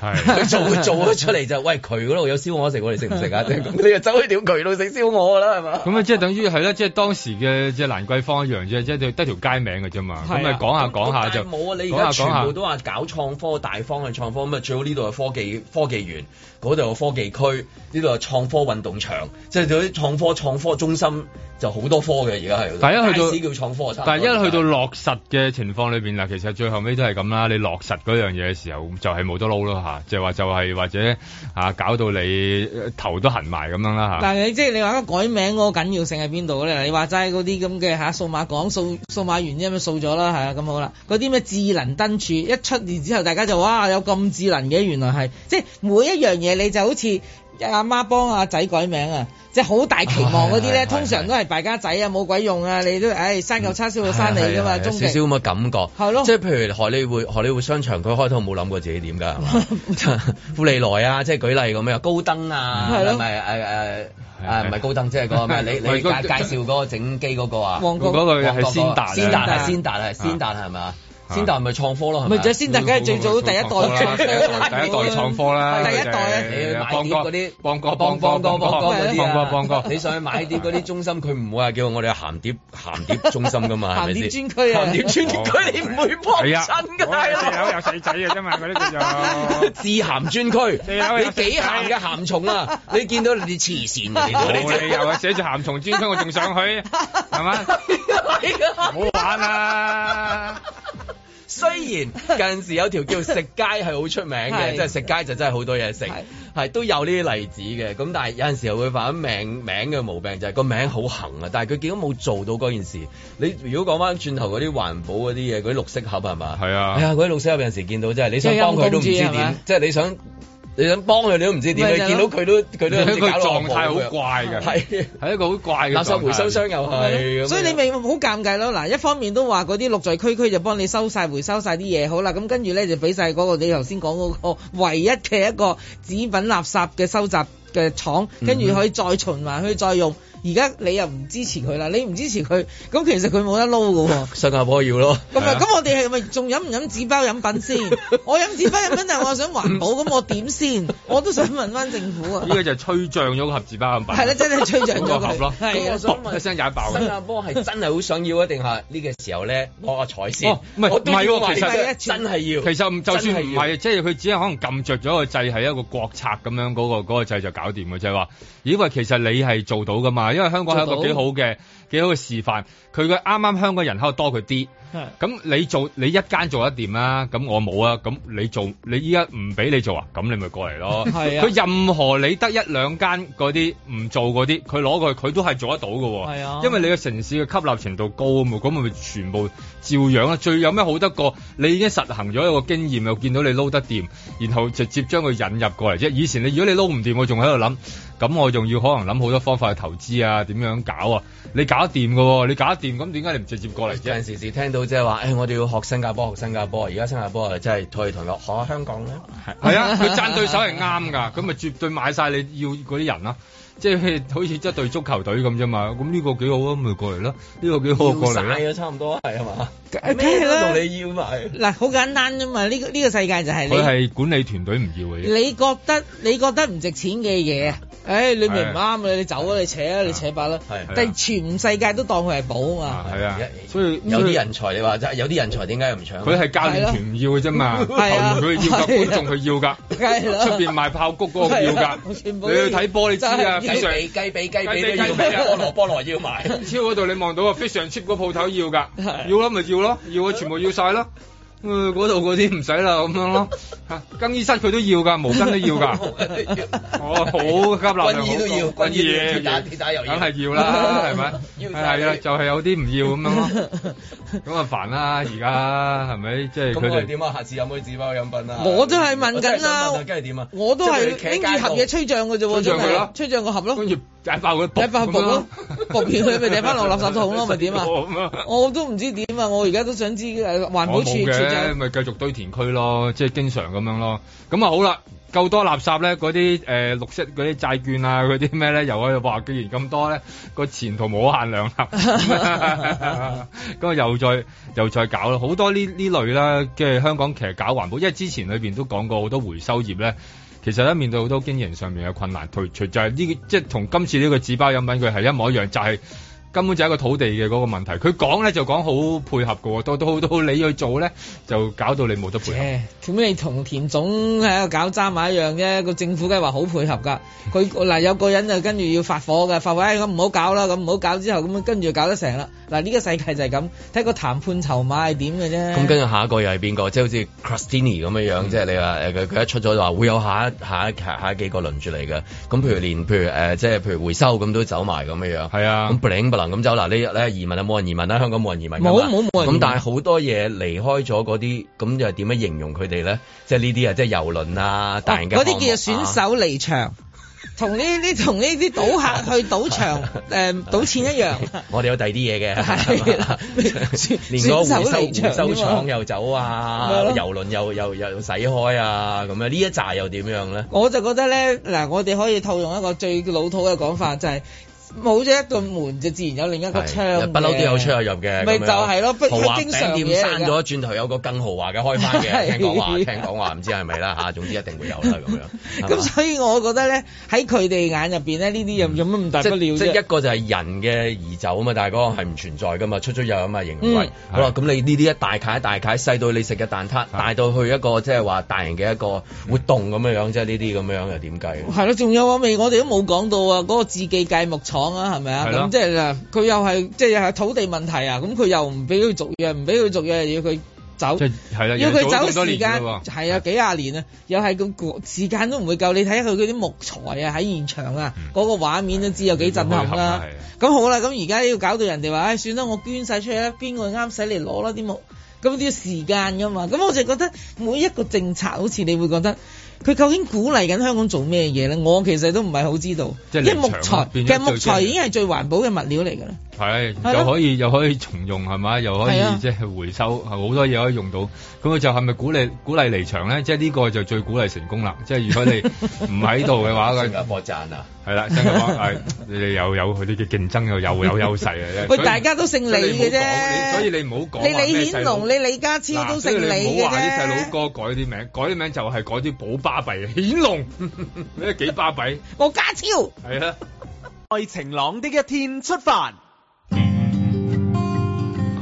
係 佢做做咗出嚟就喂，佢嗰度有燒鵝食，我哋食唔食啊？ 你又走去條渠度食燒鵝啦，係嘛？咁、 就是就是、啊，即係等於係啦，即係當時嘅即係蘭桂坊一樣啫，即係得條街名嘅啫嘛。咁咪講下講下就冇。啊。你而家全部都話搞創科，大方嘅創科咁啊，最好呢度係科技科技園，嗰度有科技區，呢度係創科運動場，即係做啲創科創科中心就好多科嘅。而家係，但一去到，叫創科但係一去到落實嘅情況裏邊啦，其實最後尾都係咁啦。你落實嗰樣嘢嘅時候，就係冇得撈咯。吓、啊，即係話就係，是就是，或者，啊，搞到你頭都痕埋咁樣啦，啊，但嗱你即係，就是，你話改名嗰個緊要性喺邊度咧？你話齋嗰啲咁嘅數碼港數、數碼園咁樣數咗啦，係啊咁好啦。嗰啲咩智能燈柱一出現之後，大家就哇有咁智能嘅，原來係即係每一樣嘢你就好似。阿媽幫阿仔改名啊，即係好大期望嗰啲呢，通常都係敗家仔啊，冇鬼用啊！你都唉，生、哎、嚿叉燒到生你㗎嘛、嗯，少少咁嘅感覺，即係譬如荷里活、荷里活商場，佢開頭冇諗過自己點㗎，嘛？ 富利來啊，即係舉例咁樣，高登啊，係咪誒誒？唔係高登，即係嗰個咩你，你介紹嗰、嗰個整機嗰個啊？旺角嗰、嗰個係先達，達，先達係先達係先達係咪啊？先達唔係創科咯，咪就係先達梗係最早第一，第一代，第一代創科啦， 第一代咧、就是、買碟嗰啲，邦哥，邦邦幫邦，邦哥，邦、啊啊、你上去買碟嗰啲中心，佢唔、啊、會話叫我哋鹹碟鹹碟中心噶嘛，係咪先？鹹碟專區啊，鹹碟專區 你唔會幫襯㗎，係、啊、有有細仔嘅啫嘛，嗰啲就做、是、自，自鹹專區，你幾鹹嘅鹹蟲啊？ 你見到你哋慈善嚟、啊、㗎，我有寫住鹹蟲專區， 我仲上想去係咪？唔好 是嗎 玩啊！雖然近時有條叫食街係好出名嘅， 即係食街就真係好多嘢食，係都有呢啲例子嘅。咁但係有陣時候會犯名名嘅毛病，就係、是、個名好行啊。但係佢結果冇做到嗰件事。你如果講翻轉頭嗰啲環保嗰啲嘢，嗰啲綠色盒係嘛？係啊，係、哎、啊，嗰啲綠色盒有陣時見到真係，你想幫佢都唔知點、啊，即係你想。你想幫佢，你都唔知點、就是就是。你見到佢都佢都佢個狀態好怪㗎，係係一個好怪嘅。垃圾回收箱。又係，所以你咪好尷尬咯。嗱，一方面都話嗰啲綠在區區就幫你收晒、回收晒啲嘢，好啦，咁跟住咧就俾晒嗰個你頭先講嗰個唯一嘅一個紙品垃圾嘅收集嘅廠，跟住可以再循環去再用。嗯。而家你又唔支持佢啦？你唔支持佢咁，其實佢冇得撈噶喎。新加坡要咯。咁啊？咁我哋係咪仲飲唔飲紙包飲品先？ 我飲紙包飲品， 但係我想環保，咁 我點先？我都想問翻政府啊。呢、這個就係吹脹咗個盒紙包飲品。係啦，真係吹脹咗、 那個盒咯。係我所問。一聲踩爆。新加坡係真係好想要啊？定係呢個時候咧我阿彩先？唔、哦、係，唔係、啊，其實真係要。其實就算唔係，即係佢只係可能撳着咗個掣係一個國策咁樣嗰、那個嗰、那個掣就搞掂嘅就係話。咦？喂其實你係做到噶嘛？因為香港係一個幾好嘅。幾好嘅示範，佢嘅啱啱香港人口多佢啲，咁你做你一間做得掂啦，咁我冇啊，咁你做你依家唔俾你做啊，咁你咪過嚟咯。佢任何你得一兩間嗰啲唔做嗰啲，佢攞過去，佢都係做得到喎。因為你嘅城市嘅吸納程度高啊嘛，咁咪咪全部照樣啊。最有咩好得過？你已經實行咗一個經驗，又見到你撈得掂，然後直接將佢引入過嚟啫。以前你如果你撈唔掂，我仲喺度諗，咁我仲要可能諗好多方法去投資啊，點樣搞啊？你。搞掂㗎喎，你搞掂咁點解你唔直接過嚟？有陣時時聽到即係話，誒、欸，我哋要學新加坡，學新加坡。而家新加坡啊，真係退堂樂，學下香港咧，係係啊，佢爭對手係啱㗎，咁 咪絕對買晒你要嗰啲人咯。即係好似一隊足球隊咁啫，這個、嘛，咁呢個幾好啊，咪過嚟咯？呢個幾好過嚟，要曬咗差唔多係嘛？你要埋嗱，好簡單啫嘛？呢個呢個世界就係佢係管理團隊唔要嘅，你覺得你覺得唔值錢嘅嘢，唉、啊哎，你咪唔啱啦，你走啦、啊啊啊啊，你扯啦，你扯把啦，但係全世界都當佢係寶啊嘛，係啊，啊，所以，所以有啲人才你話有啲人才點解唔搶？佢係教練團唔、啊、要嘅啫嘛，球員佢要噶、啊，觀眾佢要噶，出邊、啊、 賣炮谷嗰個要噶，啊， 要啊、你去睇波你知啊。就是俾雞俾雞俾雞俾雞啊！我羅菠蘿要買 超嗰度你望到啊，非常 cheap 個鋪頭要噶，要咯咪要咯，要啊全部要晒咯。 嗰度嗰啲唔使啦，咁樣咯。哈，更衣室佢都要噶，毛巾都要噶，我、 哦、好急吸漏軍衣都要，軍衣要脫大啲，梗係要啦，係咪？係係啦，就係、是、有啲唔要咁樣咯。咁 啊煩啦，而家係咪？是是 即係咁佢點啊？下次有冇紙包飲品啊？ 我都係問緊啦。梗住點啊？我都係拎住盒嘢吹帳嘅啫喎，吹帳佢個盒咯。跟住大包佢，大包佢咯，撲完佢咪掟翻落垃圾桶咯，咪點啊？我都唔知點啊，我而家都想知誒環保處。咪繼續堆填區咯，即係經常咁樣咯。咁啊好啦，夠多垃圾咧，嗰啲誒綠色嗰啲債券啊，嗰啲咩咧，又可以話既然咁多咧，個前途冇限量啦。咁 啊 又再又再搞咯，好多呢呢類啦，即係香港其實搞環保，因為之前裏面都講過好多回收業咧，其實咧面對好多經營上面嘅困難，退除，除就係呢，即係同今次呢個紙包飲品佢係一模一樣，就係。根本就係一個土地嘅嗰個問題。佢講咧就講好配合嘅喎，都好多你去做咧就搞到你冇得配合。咁你同田總喺度、啊、搞渣馬一樣啫。個政府計劃好配合㗎。佢嗱、啊、有個人就跟住要發火嘅，發火誒咁唔好搞啦，咁唔好搞之後咁跟住就搞得成啦。嗱呢個世界就係咁，睇個談判籌碼係點嘅啫。咁、嗯、跟住下一個又係邊個？即、就、係、是、好似 Crosstini 咁樣樣，即、嗯、係、就是、你話誒佢佢一出咗就話會有下下下下幾個輪住嚟嘅。咁譬如連譬如誒即係譬如回收咁都走埋咁樣樣。係啊。咁走啦，呢日咧移民啊，冇人移民啦，香港冇人移民噶，冇，冇人移民。咁但係好多嘢離開咗嗰啲，咁又點樣形容佢哋咧？即係呢啲啊，即係遊輪啊，突然間嗰啲叫做選手離場，啊、同呢啲同呢啲賭客去賭場誒賭、 呃、錢一樣。 我哋有第二啲嘢嘅，係 啦是的， 連個回收手場回收廠又走啊，遊、就、輪、是、又又又使開啊，咁樣，樣呢一紮又點樣咧？我就覺得咧，嗱，我哋可以套用一個最老土嘅講法，就係、是。冇咗一個門，就自然有另一個窗，不嬲都有出有入嘅。咪就係、是、咯，不經常嘅。豪華餅店閂咗，轉頭有個更豪華嘅開翻嘅。豪華，聽講話唔知係咪啦嚇， 總之一定會有啦咁樣。咁 所以我覺得咧，喺佢哋眼入邊咧，呢啲又冇乜咁大不了、嗯、即,即一個就係人嘅移走啊嘛，但係嗰個係唔存在噶嘛，出出入入啊嘛，營、嗯、運。好啦，咁你呢啲一大一大契，細到你食嘅蛋撻，大到去一個即係話大型嘅一個活動咁樣、嗯、樣，即係呢啲咁樣又點計？係咯，仲有啊，未，我哋都冇講到啊，嗰、嗰個自記計目廠。講係咪啊？咁即係佢又係即係又係土地問題啊！咁佢又唔俾佢續約，唔俾佢續約要佢走，係啦，要佢走時間，係啊，幾廿年啊！又係咁，時間都唔會夠。你睇下佢嗰啲木材啊，喺現場啊，嗰、嗯那個畫面都知有幾震撼啦、啊。咁好啦，咁而家要搞到人哋話，唉、哎，算啦，我捐晒出去啦，邊個啱使嚟攞啦啲木？咁啲時間噶嘛。咁我就覺得每一個政策，好似你會覺得。佢究竟在鼓勵緊香港做咩嘢咧？我其實都唔係好知道即係，因為木材，其實木材已經係最環保嘅物料嚟㗎啦。係，又可以又可以重用係嘛，又可以是即係回收，好多嘢可以用到。咁佢就係咪鼓勵鼓勵離場咧？即係呢個就最鼓勵成功啦。 即係如果你唔喺度嘅話， 新加坡啊！係 啦，新加坡係、 哎、你哋有有佢啲嘅競爭又有有優勢啊！喂， 大家都姓李嘅啫，所以你唔好講。 你李顯龍，你李家超都姓李嘅。唔好話啲細佬哥改啲名， 改啲名就係改啲寶巴閉。顯 龍 厲，你幾巴閉？我家超係啊，為晴朗嘅一天出發。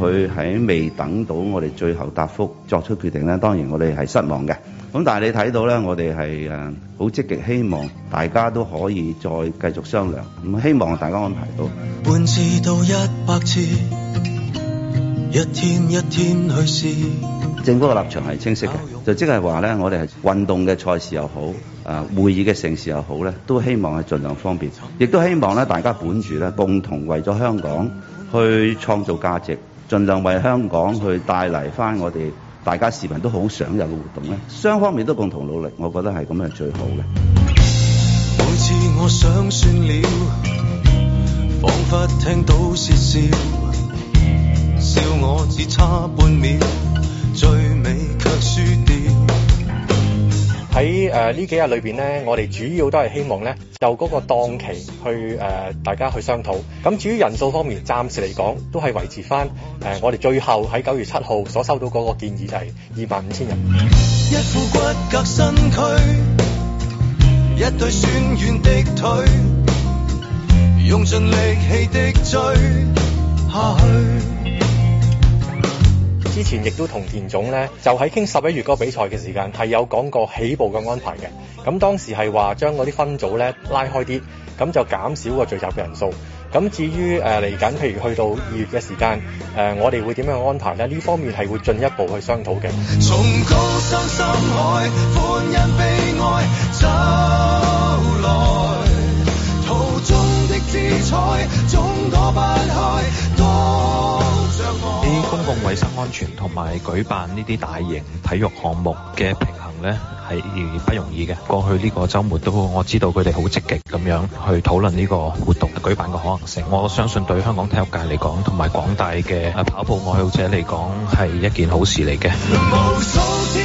佢喺未等到我哋最後答復作出決定咧，當然我哋係失望嘅。咁但係你睇到咧，我哋係誒好積極，希望大家都可以再繼續商量。咁希望大家安排到。半次到一百次，一天一天去試，政府嘅立場係清晰嘅，就即係話咧，我哋係運動嘅賽事又好，誒、呃、會議嘅盛事又好咧，都希望係盡量方便，亦都希望咧大家本住咧共同為咗香港去創造價值。盡量為香港去帶嚟翻我哋大家市民都好想有嘅活動，呢雙方面都共同努力，我覺得係咁樣最好嘅。每次我想算了，仿佛聽到說笑笑，我只差半秒，最尾卻輸掉喺誒、呃、呢幾日裏面咧，我哋主要都係希望咧，就嗰個檔期去、呃、大家去商討。咁至於人數方面，暫時嚟講都係維持翻、呃、我哋最後喺九月七號所收到嗰個建議就係二萬五千人。一副骨骼身軀，一對酸軟的腿用盡力氣的追下去。」之前亦都同田總咧，就喺傾十一月嗰比賽嘅時間，係有講過起步嘅安排嘅。咁當時係話將嗰啲分組咧拉開啲，咁就減少個聚集嘅人數。咁至於誒嚟緊，譬如去到二月嘅時間，誒我哋會點樣安排咧？呢方面係會進一步去商討嘅。從高山深海，歡欣悲哀，走來途中的姿彩，總躲不開啲公共衛生安全同埋舉辦呢啲大型體育項目嘅平衡咧係而不容易嘅。過去呢個周末都我知道佢哋好積極咁樣去討論呢個活動，舉辦嘅可能性。我相信對香港體育界嚟講，同埋廣大嘅跑步愛好者嚟講，係一件好事嚟嘅。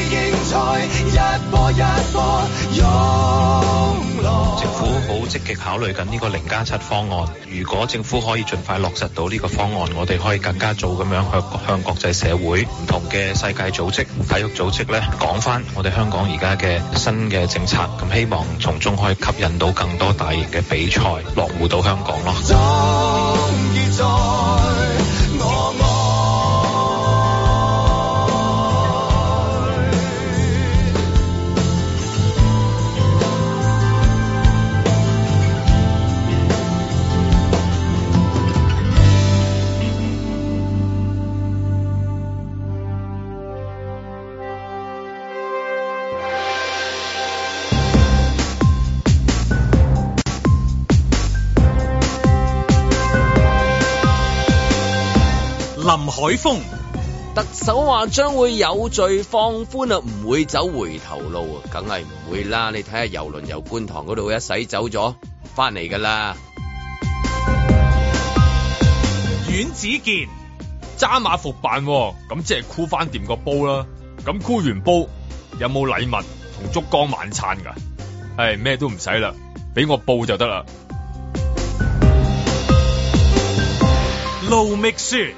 政府好積極考慮緊呢個零加七方案。如果政府可以盡快落實到呢個方案，我哋可以更加早咁樣向，向國際社會、唔同嘅世界組織、體育組織咧講翻我哋香港而家嘅新嘅政策。咁希望從中可以吸引到更多大型嘅比賽落戶到香港咯。海風，特首話將會有序放寬啊，唔會走回頭路，梗係唔會啦。你睇下遊輪由觀塘嗰度一洗走咗，翻嚟噶啦。阮子健揸馬伏辦，咁、哦、即係箍翻掂個煲啦、啊。咁箍完煲有冇禮物同燭光晚餐噶？誒、哎，咩都唔使啦，俾我報就得啦。盧覓雪。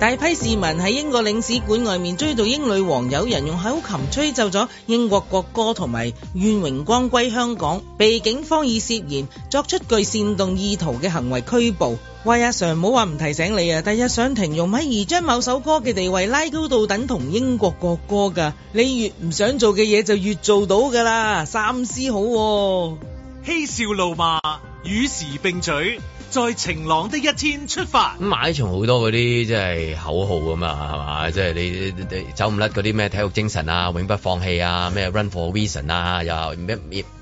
大批市民喺英國領事館外面追悼英女皇，有人用口琴吹奏咗英國國歌同埋《願榮光歸香港》，被警方以涉嫌作出具煽動意圖嘅行為拘捕。喂阿 Sir，冇話唔提醒你啊！第日上庭用咪而將某首歌嘅地位拉高到等同英國國歌噶，你越唔想做嘅嘢就越做到噶啦，三思好、哦。嬉笑怒罵，與時並舉。在晴朗的一天出發。咁馬拉松好多嗰啲即係口號啊嘛，係嘛？即、就、係、是、你你，你走唔甩嗰啲咩體育精神啊，永不放棄啊，咩 Run for Vision 啊，又咩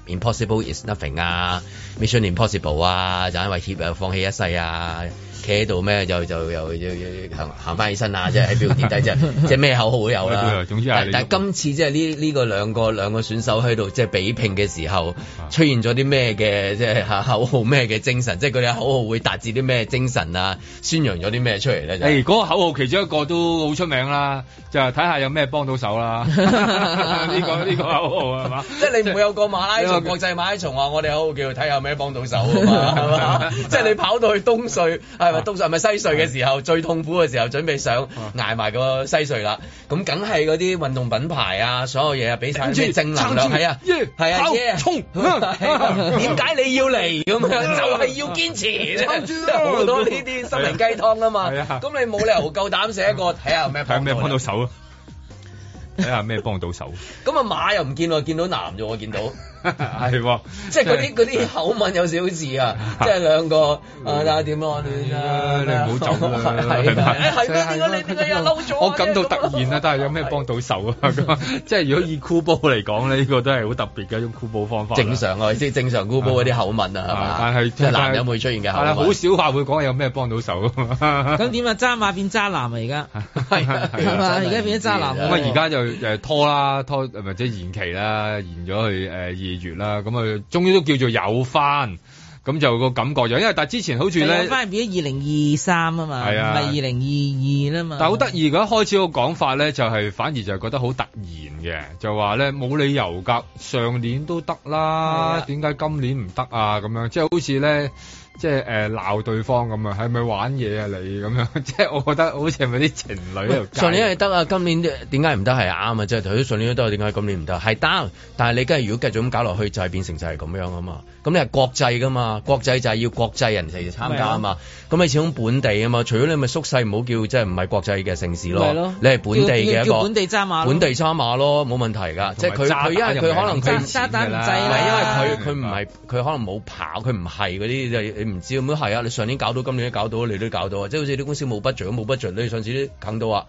Impossible is nothing 啊，Mission Impossible 啊，就因為怯放棄一世啊。企喺度咩？就就又行行翻起身 啊！即係喺邊度跌低？即係即係咩口號都有啦。但係今次即係呢呢個兩個兩個選手喺度即係比拼嘅時候，出現咗啲咩嘅即係口號咩嘅精神？即係佢哋口號會達至啲咩精神啊？宣揚咗啲咩出嚟咧？誒、哎，嗰、嗰個口號其中一個都好出名啦，就係睇下有咩幫到手啦。呢、 呢個呢、呢個口號係嘛？即 係、就係、你唔會有個馬拉松係國際馬拉松話，我哋口號叫睇下咩幫到手啊嘛？即係、就係、你跑到去東隧 到時係咪西隧嘅時候、啊、最痛苦嘅時候，準備上挨埋、啊、個西隧啦？咁梗係嗰啲運動品牌啊，所有嘢啊，俾晒跟住正能量啦，係啊，係啊，耶、啊！衝！點解你要嚟咁樣？ 就係要堅持。好多呢啲心靈雞湯啊嘛。咁、啊、你冇理由夠膽寫一個睇下咩？睇下咩幫到手咯？睇下咩幫到手。咁 啊 馬又唔見喎，見到男啫我見到。係即係嗰啲啲口吻有少少似啊！即係兩個啊，點啊戀啊，你唔好走啦，係係係，我你你又嬲咗，我感到突然啊！但係有咩幫到手啊？即係如果以箍煲嚟講呢，呢個都係好特別嘅一種箍煲方法、啊正 正。正常咯，即正常箍煲嗰啲口吻啊，但 嘛？係即係男人會出現嘅口吻，好少話會講有咩幫到手。咁點啊？渣馬變渣男啊！而家而家變咗渣男。咁啊，而家就拖啦，拖或者延期啦，延咗去誒二月啦，咁啊，終於都叫做有翻，咁就個感覺就，因為但係之前好似咧，翻係變咗二零二三啊嘛，唔係二零二二啦嘛。但好得意，佢、啊、一開始個講法咧，就係反而就係覺得好突然嘅，就話咧冇理由噶，上年都得啦，點解、啊、今年唔得啊？咁樣，即係好似咧。即係誒鬧對方咁啊，係咪玩嘢啊你咁樣？ 即係我覺得好似係咪啲情侶喺度？上年係得啊，今年點解唔得係啱啊？即係佢上年都得，點解今年唔得？係得，但係你梗係如果繼續咁搞落去，就係、是、變成就係咁樣啊嘛。咁你係國際噶嘛？國際就係要國際人去參加啊嘛。咁、啊、你始終本地啊嘛。除咗你咪縮細，唔好叫即係唔係國際嘅城市咯。啊、你係本地嘅一個本地揸馬，本地揸馬咯，冇問題噶。即係佢佢因為佢可能佢唔制係因為佢佢唔係佢可能冇跑，佢唔係嗰啲你唔知咁都係啊。你上年搞到，今年都搞到，你都搞到啊。即係好似啲公司冇 budget 冇 budget。你上次講到啊。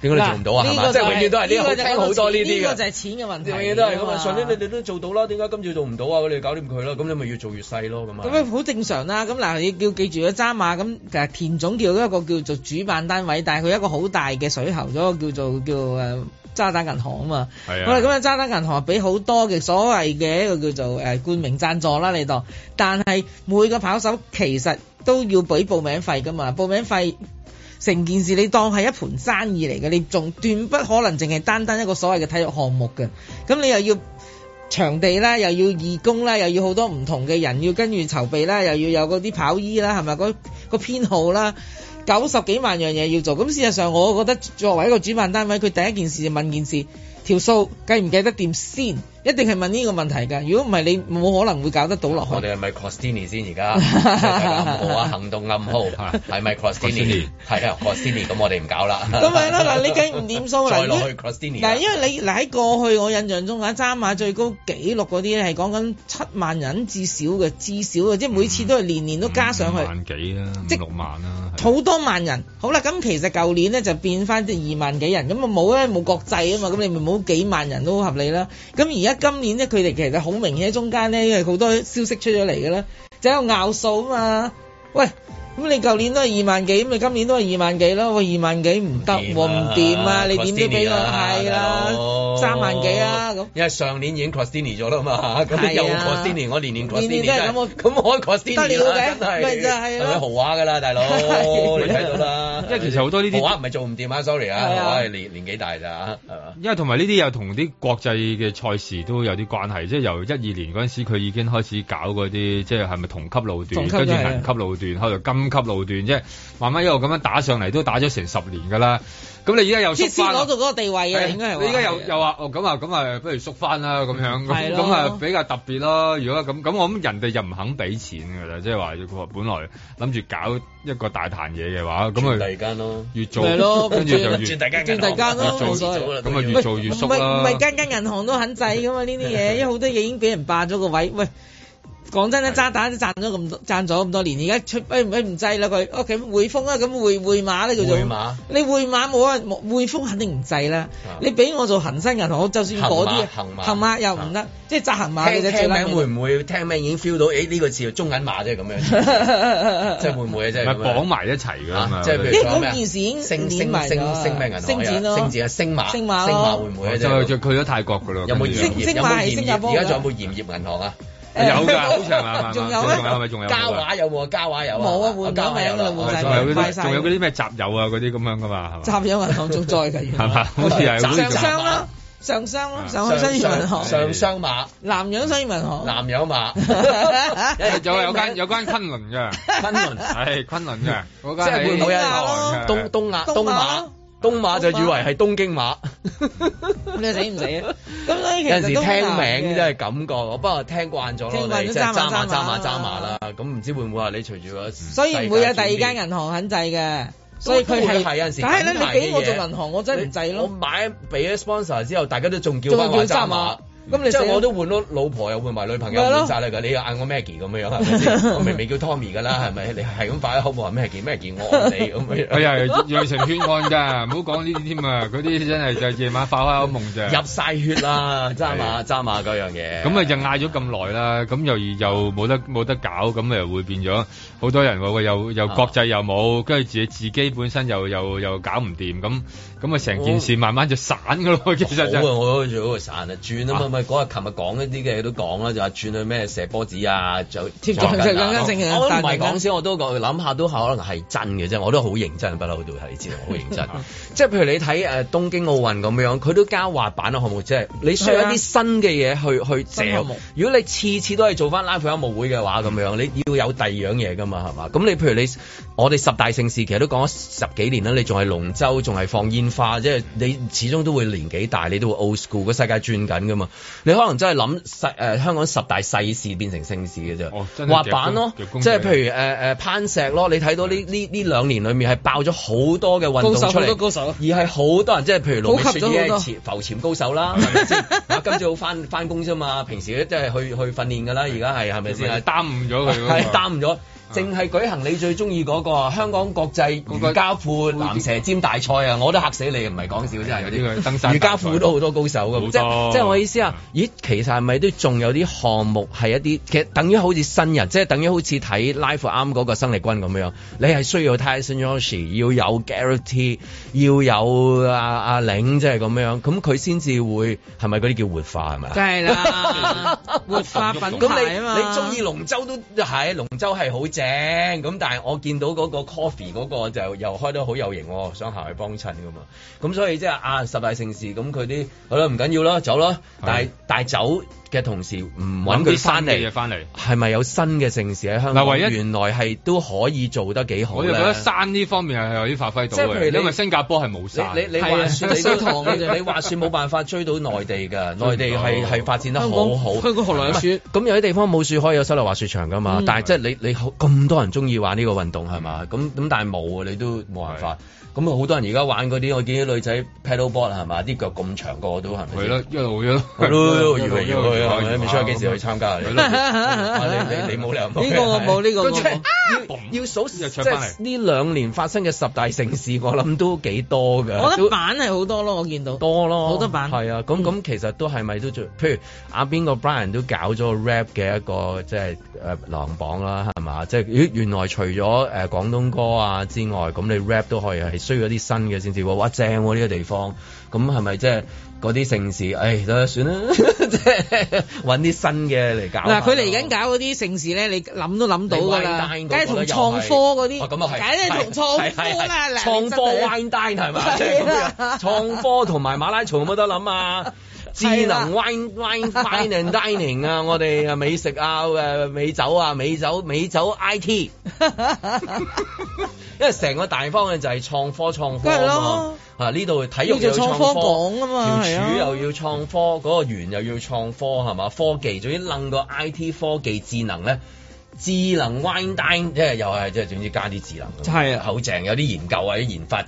點解你做唔到啊？即係永遠都係呢個就係好多呢啲呢個就係、這個、錢嘅、這個、問題。永遠都係咁啊！上年你哋都做到啦，點解今次做唔到啊？我哋搞掂佢啦，咁你咪越做越細咯，咁啊！咁好正常啦。咁嗱，要叫記住咗渣馬咁，其實，田總叫一個叫做主辦單位，但係佢一個好大嘅水喉，咗叫做叫誒，渣打銀行啊嘛。係咁樣渣打銀行俾好多嘅所謂嘅一個叫做誒、啊呃、冠名贊助啦，你當。但係每個跑手其實都要俾報名費噶嘛，報名費。成件事你當係一盤生意嚟嘅，你仲斷不可能淨係單單一個所謂嘅體育項目嘅，咁你又要場地啦，又要義工啦，又要好多唔同嘅人要跟住籌備啦，又要有嗰啲跑衣啦，係咪？嗰個編號啦，九十幾萬樣嘢要做，咁事實上我覺得作為一個主辦單位，佢第一件事就問件事條數計唔計得掂先。一定係問呢個問題㗎，如果唔係你冇可能會搞得到落去。我哋係咪 Costini 先而家？我啊 行動暗號係咪 不是 Costini？係 啊不是，Costini，咁我哋唔搞啦。咁咪咯，嗱你計唔掂數嗱，因去 Costini 嗱，但因為你喺過去我印象中啊，揸馬最高紀錄嗰啲係講緊七萬人至少嘅，至少嘅，即係每次都係年年都加上去萬幾啦、啊，即六萬啦，好多萬人。好啦，咁其實舊年呢就變返即二萬幾人，咁咪冇咧冇國際啊嘛，咁你咪冇幾萬人都好合理啦。咁而家。今年咧，佢哋其實好明顯喺中間咧，因為好多消息出咗嚟嘅啦，就喺度咬數啊嘛，喂！咁你舊年都係二萬幾，咁你今年都係二萬幾咯？二萬幾唔得我唔掂啊！你點都俾個係啦，三萬幾啊。咁、啊啊。因為上年已經 crossed in 咗啦嘛，咁又 crossed in，我年年 crossed in，咁我咁、就是、我 crossed in 啦，得㗎，真係。我係、啊、豪華嘅啦，大佬， 你睇到啦、 啊啊 啊啊啊。因為其實好多呢啲豪華唔係做唔掂啊，sorry 啊，我年年紀大咋，因為同埋呢啲有同啲國際嘅賽事都有啲關係即係、就是、由一二年嗰陣時佢已經開始搞啲，即係係咪同級路段，跟住同級路段，後嚟咁。級路段慢慢一路咁樣打上嚟，都打咗成十年噶啦。咁你依家又縮翻，攞到嗰個地位啊，應該係、哎。你而家又又話哦，咁啊咁啊，不如縮翻啦，咁樣。係咁啊比較特別咯。如果咁咁，我諗人哋又唔肯俾錢㗎啦。即係話，本來諗住搞一個大壇嘢嘅話，咁啊。第二間咯。越做。跟住就越、 啊、做咁啊越做越縮唔係唔係，間間銀行都肯制㗎嘛？呢啲嘢， 因為好多嘢已經俾人霸咗個位。喂。講真咧，渣打都賺咗咁多，賺咗咁多年，而家出誒唔制啦佢，OK 匯豐啊，咁匯匯碼咧叫做，你匯碼冇啊，匯豐肯定唔制啦。你俾我做恒生銀行，就算嗰啲，行馬又唔得、啊，即係揸行馬嘅啫。聽聽名會唔會聽名已經 feel 到，誒、哎、呢、這個字中銀馬 會會啊，中銀馬係咁樣，即係會唔會即係綁埋一齊噶即係譬如講咩？升升升升咩銀行？升升啊，升馬，升馬會唔會啊？再、哦、去咗泰國噶啦，有冇家仲有冇鹽業銀行啊？有㗎，好長啊嘛，仲有係咪仲有膠畫有冇啊？膠畫有啊，冇啊，換緊名啦，換緊名，仲有嗰啲咩集友啊嗰啲咁樣㗎嘛，集友銀行仲在㗎，係嘛？好似係上商咯，上商咯，上海商業銀行，上商馬，南洋商業銀行，南洋馬，有有間有間崑崙㗎，崑崙係崑崙㗎，嗰間係東亞東亞東亞。東馬，東馬就以為係東京馬， 咁你死唔死啊？咁所以其實聽名真係感覺，我不過聽慣咗我哋即係揸馬揸馬揸馬啦。咁唔知會唔會話你隨住個，所以唔會有第二間銀行肯制嘅。所以佢係有陣時，但係咧你俾我做銀行，我真係唔制咯。我買俾一 sponsor 之後，大家都仲叫東馬揸馬。咁你即、就是、我都換到老婆又換埋女朋友換晒啦㗎，你又嗌我 Maggie 咁樣樣係咪先？ 我明明叫 Tommy 㗎啦，係咪？你係咁發, 發開口話 Maggie，Maggie 我你咁樣。係冤案㗎，唔好講呢啲添啊！嗰啲真係就夜晚發開口夢咋。入曬血啦，揸下揸下嗰樣嘢。咁啊就嗌咗咁耐啦，咁又又冇得冇得搞，咁咪會變咗好多人又又國際又冇，跟住自己自己本身又又又搞唔掂，咁咁啊成件事慢慢就散㗎咯。其實真、就、係、是。好我散啊，散啊嗰日、琴日講一啲嘅嘢都講啦，就話轉去咩射波子啊，就貼咗緊啦。我都唔係講笑，我都講諗下，都可能係真嘅啫。我都好認真，不嬲都係，你知道，好認真。 即係譬如你睇誒、呃、東京奧運咁樣，佢都加滑板嘅項目，即係你需要一啲新嘅嘢去、啊、去射。如果你次次都係做翻拉闊音樂會嘅話樣，咁、嗯、樣你要有第二樣嘢噶嘛，係嘛？咁你譬如你我哋十大盛事其實都講咗十幾年啦，你仲係龍舟，仲係放煙花，即係你始終都會年紀大，你都會 old school。個世界轉緊噶嘛？你可能真係諗世香港十大細事變成盛事嘅啫，滑板咯，即係譬如誒、呃、攀石咯，你睇到呢呢呢兩年裏面係爆咗好多嘅運動出嚟，而係好多人即係譬如老躍船呢浮潛高手啦，係咪先？就是、 今朝翻翻工啫嘛，平時即係去去訓練㗎啦，而家係係咪先？係耽誤咗佢、那個，係耽誤咗。淨係舉行你最鍾意嗰個香港國際瑜伽褲藍蛇尖大賽呀、啊，我都嚇死你，唔係講笑真係。瑜伽褲都好多高手㗎，即係即係我意思啊！咦，其實係咪都仲有啲項目係一啲其實等於好似新人，即係等於好似睇 Life 啱嗰個生力軍咁樣。你係需要 Tyson Yoshi，要有 guarantee，要有阿阿玲即係咁樣，咁佢先至會係咪嗰啲叫活化係咪啊？梗係啦， 活化訓咁，你你中意龍舟都係龍舟係好。正咁，但係我見到嗰個 coffee 嗰個就又開得好有型喎，想行去幫襯噶嘛，咁所以即係啊十大城市咁佢啲，好啦唔緊要啦走啦，帶帶走。嘅同時唔揾佢翻嚟，係咪有新嘅城市喺香港？原來係都可以做得幾好。我哋覺得山呢方面係有啲發揮到。即你因為你話新加坡係冇山，你你滑雪、你你滑雪冇辦法追到內地㗎。內地係係、嗯、發展得好好、啊。香港何來有雪？咁有啲地方冇雪可以有室內滑雪場㗎嘛？嗯、但係即係你你咁多人中意玩呢個運動係嘛？咁咁但係冇啊，你都冇辦法。咁好多人而家玩嗰啲，我見啲女仔 paddle board 係嘛，啲腳咁長個都係咪？係啦，一路咯，哦是你未出，幾時去參加，嗯 啊、你你冇理由、 呢個我冇、呢、呢個冇、呢個。要數即係呢兩年發生嘅十大盛事，我諗都幾多㗎。我覺得版係好多咯，我見到多咯，好多版。係啊，咁咁其實都係咪都做？譬如阿邊個 Brian 都搞咗個 rap 嘅一個即係誒排行榜啦，係嘛？即係、呃、原來除咗誒、呃、廣東歌啊之外，咁你 rap 都可以係需要一啲新嘅先至喎。哇，正喎，啊、呢、呢個地方，咁係咪即係？嗰啲盛事，唉、哎，都算啦，即係搵啲新嘅嚟搞。嗱，佢嚟緊搞嗰啲盛事咧，你諗都諗到噶啦，梗係同創科嗰啲，梗係同創科啦、啊，創科 wine dining 係嘛，創科同埋馬拉松冇得諗啊，智能 wine wine, wine and dining 啊，我哋美食啊，誒美酒啊，美酒美酒，美酒 IT， 因為成個大方向就係創科創科。啊！呢度體育又要創科，條柱又要創科，嗰、那個圓又要創科，係嘛？科技總之楞個 I T 科技智能咧。智能 wine dine 即係又係即係總之加啲智能，係好正，有啲研究啊，啲研發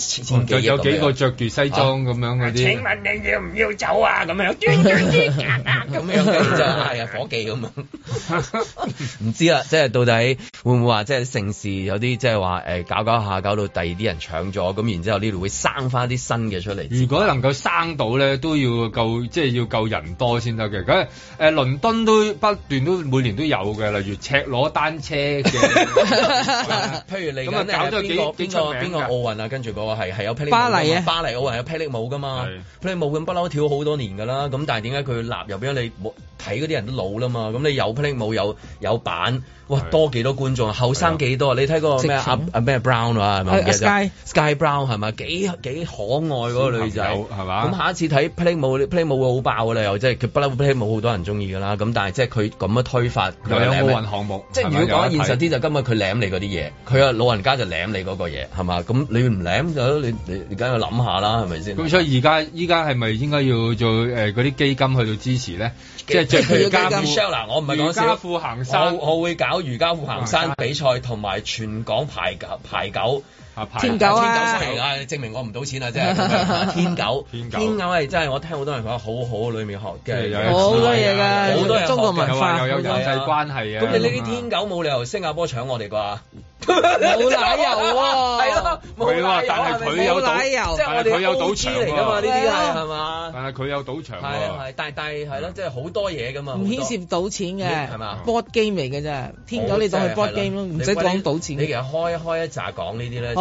有有幾個着住西裝咁、啊、樣嗰啲、啊。請問你要唔要走啊？咁樣端住啲格啊！咁樣嘅就係啊，夥計咁樣，唔 知啊，即係到底會唔會話即係盛事有啲即係話誒搞搞下，搞，搞到第二啲人搶咗咁，然之後呢度會生翻啲新嘅出嚟。如果能夠生到咧，都要夠即係要夠人多先得嘅。咁誒，倫敦都不斷都每年都有嘅，例如赤裸單車嘅， 譬如你咁啊，搞咗幾個邊個邊個奧運啊？跟住嗰個係係有霹靂舞，巴黎啊、巴黎奧運有霹靂舞噶嘛？霹靂舞咁不嬲跳好多年噶啦，咁但係點解佢立入俾你睇嗰啲人都老啦嘛？咁你有霹靂舞有有板。哇！多幾多觀眾啊？後生幾多啊？你睇個咩咩 Brown 啊？係咪、啊、Sky？Sky Brown 係咪？幾幾可愛嗰個女仔係嘛？咁下一次睇 Play 冇 Play 冇會好爆㗎啦！又即係佢不嬲 Play 冇好多人中意㗎啦。咁但係即係佢咁樣推發又有奧運項目，即係如果講現實啲、嗯、就今日佢舐你嗰啲嘢，佢啊老人家就舐你嗰個嘢係嘛？咁你唔舐就你你而家要諗下啦係咪先？咁所以而家而家係咪應該要做誒嗰啲基金去到支持咧？即係即加富 share 我唔係講笑，我我會搞。瑜伽、戶行山比賽同埋全港排，oh、排九。天狗啊！狗啊證明我唔賭錢啊！真 係天狗，天狗係真係我聽好多人講好好，裏面學嘅好、啊、多嘢㗎、啊，好多、啊、中國文化又有人際關係啊。咁、啊、你呢啲天狗冇理由新加坡搶我哋啩？冇 奶油啊！係 咯，佢話但係佢有奶油，即佢有，有，有賭場㗎、啊、嘛？呢啲係係嘛？但係佢有賭場、啊，係但是是但係係咯，即係好多嘢㗎嘛！唔牽涉賭錢嘅係嘛？Board game 嚟㗎咋天狗，你就係 board game 咯，唔使講賭錢。你其實開一開一紮講呢啲咧。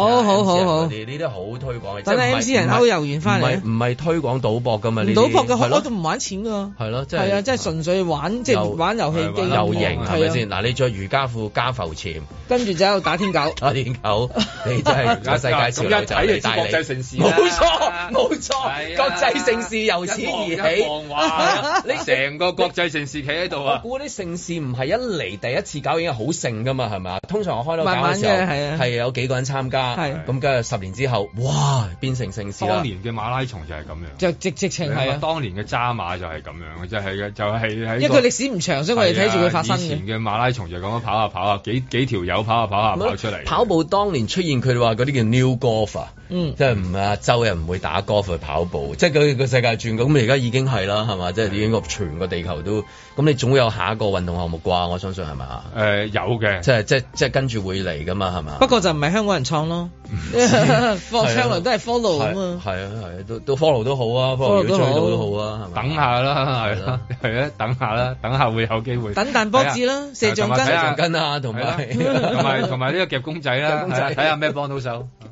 好好好好，呢啲好，好推廣嘅，但係 MC 人口遊完翻嚟，唔係推廣賭博噶嘛？賭博嘅好多都唔玩錢噶喎。係咯，即係啊，即係純粹玩，即係玩遊戲機又型，係咪先？嗱，你著瑜伽褲加浮潛，跟住就喺度打天狗，打天狗，你真係世界潮流，睇 嚟國際城市冇、啊、錯，冇錯、啊，國際盛事由此而起。一望一望 你成個國際城市企喺度啊！嗰啲盛事唔係一嚟第一次搞已經好盛噶嘛？係咪啊？通常我開攤嘅時候係有幾個人參加。慢慢係咁，跟住十年之後，哇！變成城市，當年嘅馬拉松就係咁樣，就即直直稱係當年嘅揸馬就係咁樣即就係、是、就係、是、因為佢歷史唔長，所以我哋睇住佢發生、啊、以前嘅馬拉松就咁樣跑下、啊、跑下、啊，幾幾條友跑下、啊、跑下、啊、跑出嚟。跑步當年出現，佢哋話嗰啲叫 new golf，嗯，即係唔係亞洲人唔會打 golf 去跑步，即係佢個世界轉咁，而家已經係啦，係嘛？即、就、係、是、已經全個地球都。咁你總會有下一個運動項目啩，我相信係咪啊？誒、呃、有嘅，即係即係即係跟住會嚟噶嘛，係咪？不過就唔係香港人創咯，都係 follow 咁啊。係啊係，都、啊啊啊、都 follow 都好啊，follow, follow 都好啊，係咪？等下啦，係啦、啊，啊，等下啦，等下會有機會。等彈波子啦、啊，射橡筋、橡筋啊，同埋同埋同埋呢個夾公仔啦、啊，睇下咩幫到手、啊。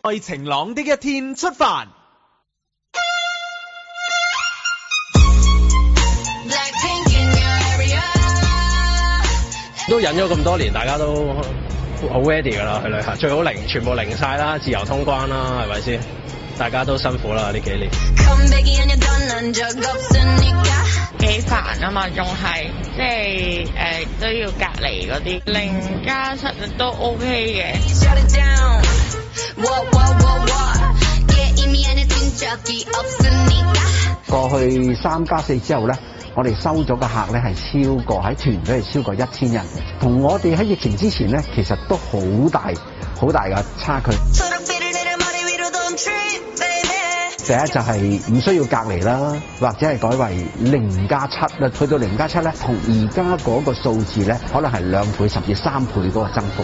在晴朗的一天出發。都忍咗咁多年，大家都好 ready 噶喇。去旅行最好零，全部零曬啦，自由通關啦，係咪先？大家都辛苦啦呢幾年。幾煩啊嘛，仲係即係、呃、都要隔離嗰啲，零加七都 OK 嘅。過去三加四之後呢？我哋收咗嘅客咧係超過喺團隊係超過一千人，同我哋喺疫情之前咧其實都好大好大嘅差距。 第一就係唔需要隔離啦，或者係改為零加七啦，去到零加七咧，同而家嗰個數字咧，可能係兩倍甚至三倍嗰個增幅。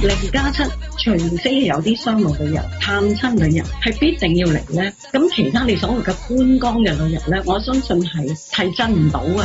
零加七，除非有啲商務嘅旅遊、探親嘅旅遊，係必定要嚟咧。咁其他你所謂嘅觀光嘅旅遊咧，我相信係提振唔到嘅。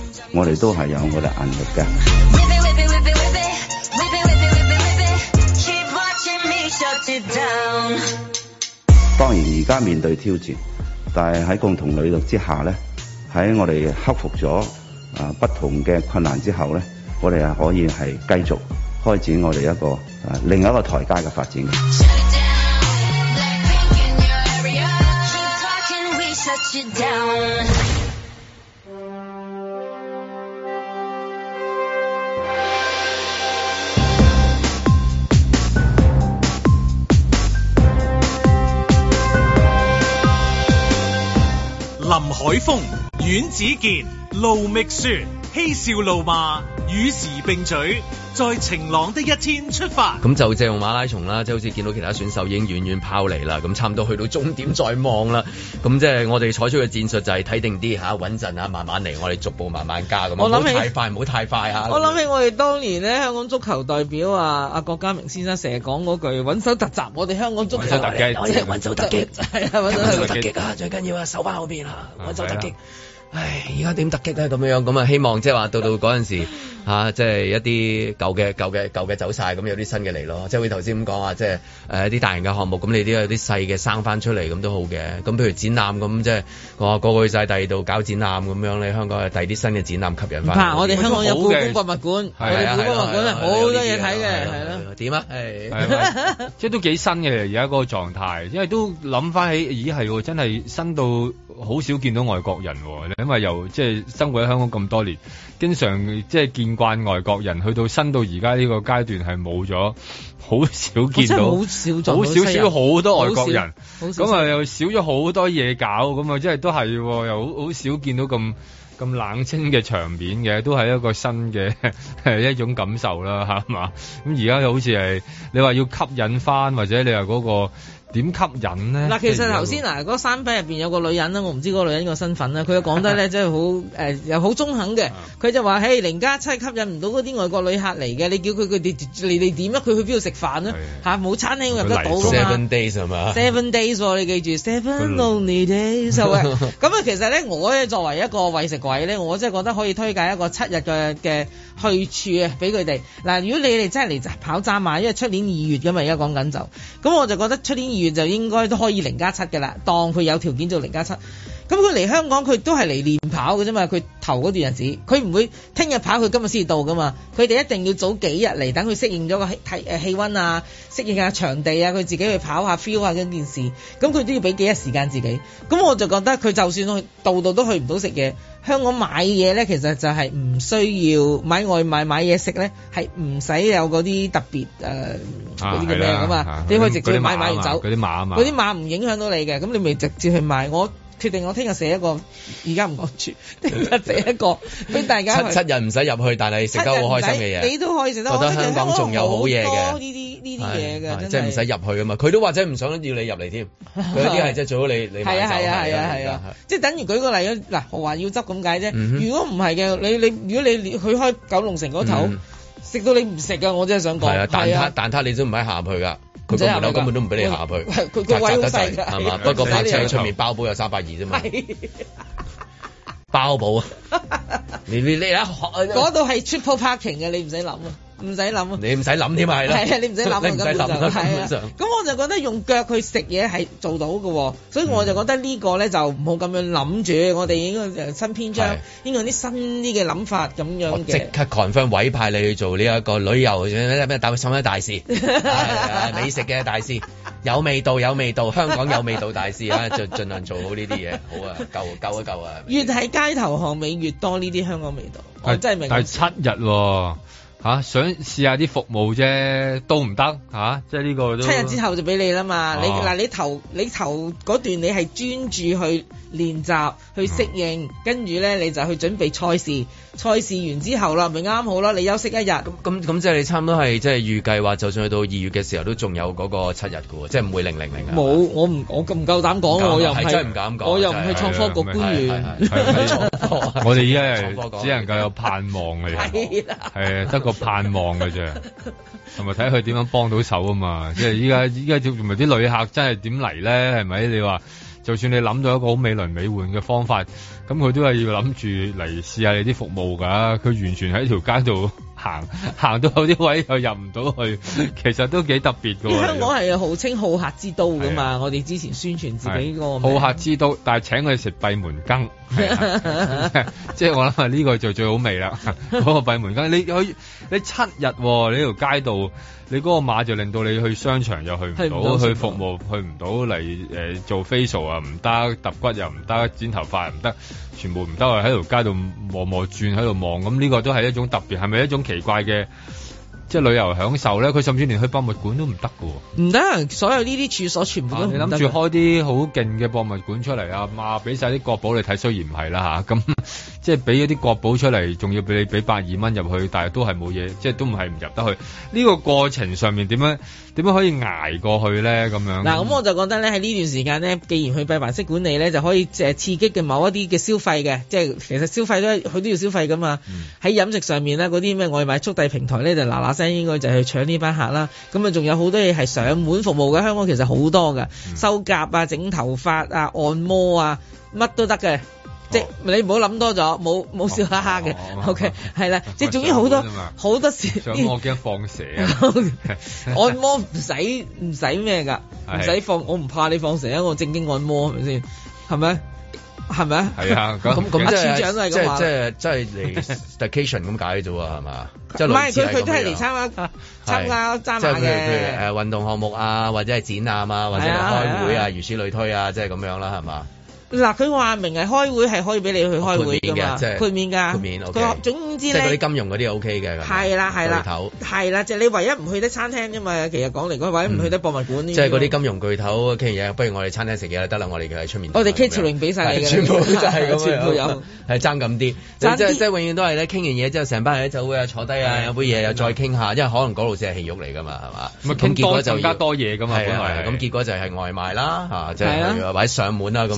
我哋都係有我哋毅力嘅。當然，而家面對挑戰，但係喺共同努力之下呢，喺我哋克服咗不同嘅困難之後呢，我哋係可以係繼續開展我哋一個另一個台階嘅發展嘅。林海峰、阮子健、盧覓雪、嬉笑怒罵。與時並舉，在晴朗的一天出發。咁就借用馬拉松啦，即係好似見到其他選手已經遠遠跑離啦，咁差唔多去到終點再望啦。咁 即係我哋採取嘅戰術就係睇定啲吓，穩陣啊，穩陣慢慢嚟，我哋逐步慢慢加，咁唔好太快，唔好太快吓。我諗起我哋當年呢，香港足球代表啊，阿郭家明先生成日講嗰句：穩守突襲，我哋香港足球嚟，即係穩守突擊！係呀，穩守突擊啊，最緊要啊，守返後邊啊，穩守突擊。就是唉，而家點突擊咧咁樣樣，咁啊希望即係話到到嗰陣時即係一啲舊嘅、舊嘅、舊嘅走晒，咁有啲新嘅嚟咯。即係好似頭先咁講啊，即係誒一啲、呃、大型嘅項目，咁你都有啲細嘅生翻出嚟咁都好嘅。咁譬如展覽咁，即係個個去晒第二度搞展覽咁樣，你香港有第啲新嘅展覽吸引翻。啊！我哋香港有故宮博物館，我哋故宮博物館好多嘢睇嘅，係咯。點啊？係、啊，啊啊啊啊啊啊啊、 即係都幾新嘅，而家個狀態，因為都諗翻起，咦係、啊，真係新到～好少見到外國人，因為由即係生活喺香港咁多年，經常即係見慣外國人，去到新到而家呢個階段係冇咗，好少見到，好少咗，好少好多外國人，咁啊又少咗好多嘢搞，咁啊即係都係又好好少見到咁咁冷清嘅場面嘅，都係一個新嘅一種感受啦，係嘛？咁而家又好似係你話要吸引翻，或者你話嗰個。點吸引呢？嗱、那個呃 hey, 啊啊 哦，其實頭先嗱，嗰個山坡入邊有個女人啦。我唔知嗰個女人個身份啦，佢講得咧真係好誒又好中肯嘅，佢就話，嘿，零加七吸引唔到嗰啲外國旅客嚟嘅，你叫佢佢哋你哋點啊？佢去邊度食飯咧？吓，冇餐廳入得到㗎嘛。Seven days 係嘛？Seven days，你記住，seven lonely days 喎。咁啊，其實咧，我咧作為一個為食鬼咧，我真係覺得可以推介一個七日嘅嘅。去處啊，俾佢哋嗱。如果你哋真係嚟跑揸馬，因為出年二月噶嘛，而家講緊就咁，我就覺得出年二月就應該都可以零加七噶啦。當佢有條件做零加七，咁佢嚟香港佢都係嚟練跑㗎啫嘛。佢頭嗰段日子，佢唔會聽日跑，佢今日先至到噶嘛。佢哋一定要早幾日嚟，等佢適應咗個氣氣温啊，適應下場地啊，佢自己去跑下 feel 下嗰件事。咁佢都要俾幾日時間自己。咁我就覺得佢就算去到度都去唔到食嘢。香港買嘢咧，其實就係唔需要買外賣買嘢食咧，係唔使有嗰啲特別誒嗰啲叫咩咁啊？你可以直接去買，買完走。嗰啲馬啊，嗰啲馬唔影響到你嘅，咁你咪直接去買我。決定我聽日寫一個，而家唔講住，聽日寫一個俾大家。七七日唔使入去，但係食得好開心嘅嘢。你都可以食得，我覺得香港仲有好嘢嘅。多呢啲呢啲嘢嘅，即係唔使入去啊嘛！佢都或者唔想要你入嚟添。佢有啲係即係做好你，你買酒嚟㗎，係啊係啊係啊係啊！即係等於舉個例啦，嗱我話要執咁解啫。如果唔係嘅，你，你如果你去開九龍城嗰頭食到你唔食㗎！我真係想講。係啊，蛋撻，蛋撻你都唔使下入去㗎。佢個門口根本都唔俾你下去，佢佢位置好係，係嘛？不過泊車喺出面，包保有三百二啫嘛，包保啊！嗰度係 triple parking 嘅，你唔使諗啊！唔使諗你唔使諗添啊，係你唔使諗，根本就係咁。啊啊、我就覺得用腳去食嘢係做到嘅，所以我就覺得個呢個咧就唔好咁樣諗住。我哋應該新篇章，應該有啲新啲嘅諗法咁樣嘅。即刻 confirm 委派你去做呢一個旅遊咩咩咩大什大使美食嘅大使 有味道有味道，香港有味道大使啊！盡量做好呢啲嘢，好啊！救救一救啊！越喺街頭巷尾，越多呢啲香港味道，我真係明。第七日。吓、啊，想試下啲服務啫，都唔得吓。即係呢個都七日之後就俾你啦嘛，啊、你嗱你頭你頭嗰段你係專注去。練習去適應，跟住咧你就去準備賽事。賽事完之後啦，咪啱好啦你休息一日。咁咁咁即係你差唔多係即係預計話，就算去到二月嘅時候都仲有嗰個七日嘅喎，即係唔會零零零冇，我唔我咁夠膽講，我又係真唔敢講，我又唔係創科局官員。我哋依家係只能夠有盼望嚟講，係 得 個盼望嘅啫，同埋睇佢點樣幫到手啊嘛！即係依家依家仲咪啲旅客真係點嚟咧？係咪你話？就算你諗到一個好美輪美奐嘅方法，咁佢都係要諗住嚟試下你啲服務噶。佢完全喺條街度行，行到有啲位又入唔到去，其實都幾特別噶。 香港係號稱好客之都噶嘛，啊、我哋之前宣傳自己個好、啊、客之都，但係請佢食閉門羹，即係、啊、 我諗係呢個就最好味啦。嗰、那個閉門羹，你你，你七日喎、哦，你條街度。你嗰個碼就令到你去商場又去唔到，去服務去唔到，嚟誒做 facial 啊，唔得，揼骨又唔得，剪頭髮又唔得，全部唔得啊！喺條街度磨磨轉，喺度望，咁呢個都係一種特別，係咪一種奇怪嘅？即係旅遊享受咧，佢甚至連去博物館都唔得嘅喎。唔得，所有呢啲處所全部都唔得，啊。你諗住開啲好勁嘅博物館出嚟啊？嘛俾晒啲國寶你睇，雖然唔係啦吓，咁、啊嗯、即係俾咗啲國寶出嚟，仲要俾你俾百二蚊入去，但係都係冇嘢，即係都唔係唔入得去。呢個過程上面點樣？點樣可以捱過去咧？咁樣嗱，咁我就覺得咧，喺呢段時間咧，既然去閉環式管理咧，就可以刺激嘅某一啲嘅消費嘅，即係其實消費都佢都要消費噶嘛。喺、嗯、飲食上面咧，嗰啲咩外賣速遞平台咧，就嗱嗱聲，應該就去搶呢班客啦。咁、嗯、啊，仲有好多嘢係上門服務嘅，香港其實好多嘅、嗯、修甲啊、整頭髮啊、按摩啊，乜都得嘅。即你唔好諗多咗，冇冇笑哈哈嘅，OK，係、嗯、啦，即、嗯、係、嗯、總之好多好多事。我驚放蛇啊！ 按摩唔使唔使咩㗎，唔使放，我唔怕你放蛇，我正經按摩係咪先？係咪？係咪？係啊！咁 咁即係即係即係嚟 staycation 咁解啫喎，係嘛？唔係佢佢都係嚟參加參加參加嘅，譬如譬如誒運動項目啊，或者係展覽啊，或者係開會啊，如此類推啊，即係咁樣啦，係嘛？嗱，佢話明啊，開會係可以俾你去開會嘛，嘅，即係配面嘅，配面。佢話、okay、總之咧，即啲金融嗰啲係 OK 嘅，係啦係啦，巨係啦，即係、就是、你唯一唔去得餐廳啫嘛。其實講嚟講去唔去得博物館。即係嗰啲金融巨頭傾完嘢，不如我哋餐廳食嘢得啦，我哋喺出面。我哋 catering 俾晒你嘅，全部就係咁樣樣，係爭咁啲。即永遠都係咧，傾完嘢之後，成班人就會坐低啊，有杯嘢又再傾下，因為可能嗰度先係戲肉嚟㗎嘛，係嘛？咁結果就更加多嘢㗎嘛，咁結果就係外賣啦，即係或者上門咁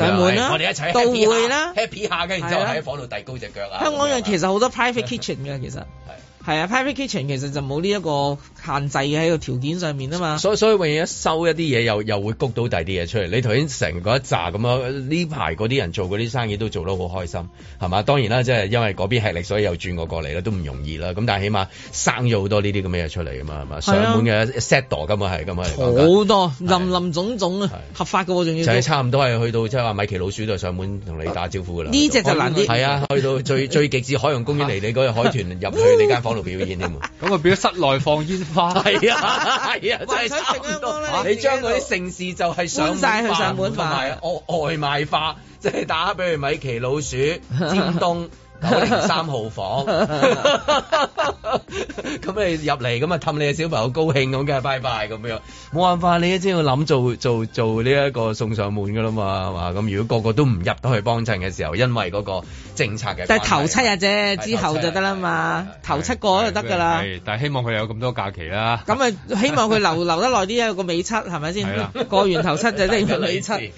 我哋一齊到會啦，happy 下，跟住就喺房度遞高隻腳啊！香港人其實好多 private kitchen 嘅，其實係係啊，private kitchen 其實就冇呢一個。限制喺個條件上面啊嘛，所以所以永遠一收一啲嘢，又又會谷到第二啲嘢出嚟。你頭先成嗰一紮咁樣，呢排嗰啲人做嗰啲生意都做得好開心，係嘛？當然啦，即、就、係、是、因為嗰邊吃力，所以又轉過過嚟啦，都唔容易啦。咁但係起碼生咗好多呢啲咁嘅嘢出嚟啊嘛，係嘛、啊？上門嘅 set door 咁啊係咁好多林林種種啊，合法嘅喎，仲要就係、是、差唔多係去到即係話米奇老鼠就上門同你打招呼㗎啦。呢、啊、只就難啲係啊，去到最 最極致海洋公園嚟你嗰個海豚入去你間房度表演添啊，咁啊變咗室內放煙。係 啊，係啊，真係差唔多。你將嗰啲城市就係上晒去上門賣，外 外賣化，即係打，比如米奇老鼠、尖東。 零三號房，咁你入嚟咁啊氹你嘅小朋友高興咁梗係拜拜咁樣，冇辦法，你一定要諗做做做呢一個送上門噶啦嘛，嘛咁如果個個都唔入到去幫襯嘅時候，因為嗰個政策嘅，但係頭七日啫，之後就得啦嘛，頭七個就得噶啦，但係希望佢有咁多假期啦。咁啊，希望佢留 留得耐啲，一個尾七係咪先？過完頭七就即係尾七，係，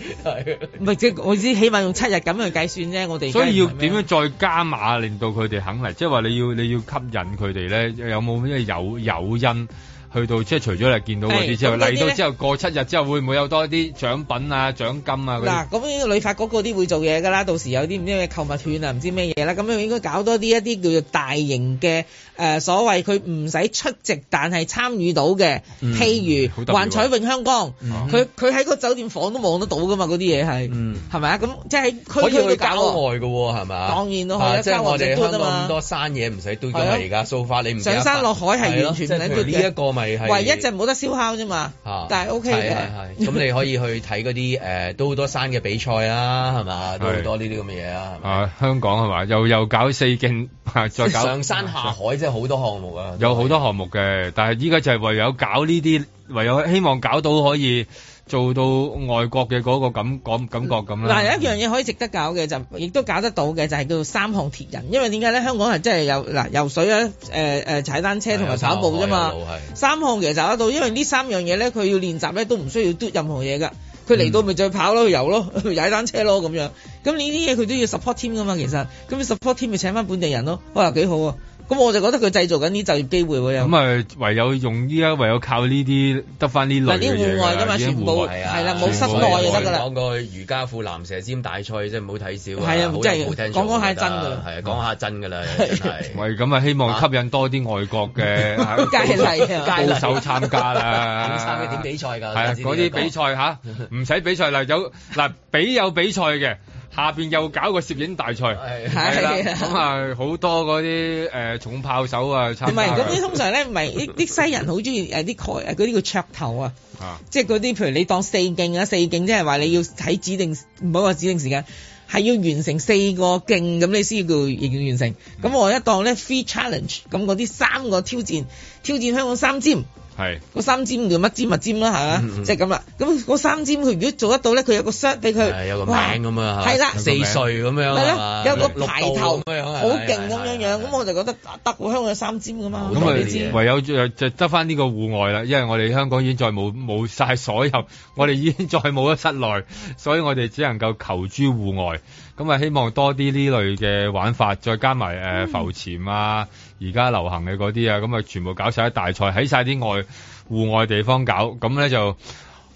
即我知，起碼用七日咁去計算啫，我哋，所以要點樣再加 啊！令到佢哋肯嚟，即係話你要你要吸引佢哋咧，有冇咩誘誘因？去到即係除咗你見到嗰啲之後，嚟到之後過七日之後會唔會有多啲獎品啊、獎金啊嗰啲？嗱，咁旅發局嗰啲會做嘢㗎啦，到時有啲唔、嗯、知咩購物券啊，唔、嗯、知咩嘢啦，咁、嗯、樣應該搞多啲一啲叫做大型嘅誒、呃、所謂佢唔使出席但係參與到嘅，譬、嗯、如幻彩詠香江，佢佢喺個酒店房都望得到㗎嘛，嗰啲嘢係係咪啊？咁、嗯、即係區區個郊外㗎喎，係咪啊？當然都可、啊啊啊、即交王隻堆啊嘛！咁多山嘢唔使堆嚟㗎，掃花，啊 so、你唔上山落海係完全唔使、啊係係唯一就冇得燒烤啫嘛、啊，但係 OK 咁、嗯、你可以去睇嗰啲誒都好多山嘅比賽啦係嘛？ 都好多呢啲咁嘅嘢啊，係嘛、啊、香港係嘛？又又搞四徑，再搞上山下海，即係好多項目啊！有好多項目嘅，但係依家就係唯有搞呢啲，唯有希望搞到可以。做到外國嘅嗰個感感感覺咁樣。嗱，有一樣嘢可以值得搞嘅、嗯、就，亦都搞得到嘅就係叫做三項鐵人。因為點解咧？香港人真係有嗱，游水啊、欸，踩單車同埋跑步啫嘛。三項其實做得到，因為呢三樣嘢咧，佢要練習咧都唔需要 do 任何嘢㗎。佢嚟到咪再跑咯、游咯、踩單車咯咁樣。咁呢啲嘢佢都要 support team 㗎嘛，其實。咁 support team 咪請翻本地人咯。哇，幾好啊！咁我就覺得佢製造緊啲就業機會喎。咁咪唯有用依家唯有靠呢啲得翻呢類嘅。嗱，啲戶外㗎嘛外，全部係啦，冇室內就得㗎啦。講講去瑜伽褲、藍蛇尖，尖大賽，即係唔好睇少。係啊，真係講講下真㗎。係啊，講下真㗎啦。係、嗯。 真的 喂，咁啊，希望吸引多啲外國嘅高手參加啦。點參加？點比賽㗎？係啊，嗰保啲 比賽下，唔 使、啊、比賽啦、 啊。有嗱，比有比賽嘅。下邊又搞個攝影大賽，係啦，咁啊好多嗰啲誒重炮手啊，差唔多。唔係，咁啲通常咧唔係啲啲西人好中意誒啲誒嗰啲叫噱頭啊，啊即係嗰啲譬如你當四勁啊，四勁即係話你要睇指定，唔好話指定時間，係要完成四個勁，咁你先要叫完全完成。咁、嗯、我一當咧 free challenge 咁嗰啲三個挑戰，個挑，戰挑戰香港三尖。係個三尖叫乜尖乜尖啦嚇，即係咁啦。咁 個三尖佢如果做得到咧，佢有個 shirt 俾佢，有個名咁樣嚇，係啦、啊，四歲咁樣，係啦、啊啊啊，有個排頭，好勁咁樣樣。咁、啊啊啊啊、我就覺得得我香港有三尖噶嘛。咁啊，唯有就就得翻呢個戶外啦，因為我哋香港已經再冇冇曬所有，我哋已經再冇咗室內，所以我哋只能夠求諸戶外。咁啊，希望多啲呢類嘅玩法，再加埋誒浮潛啊。嗯。而家流行嘅嗰啲啊，咁啊全部搞晒喺大賽，喺晒啲外戶外地方搞，咁咧就。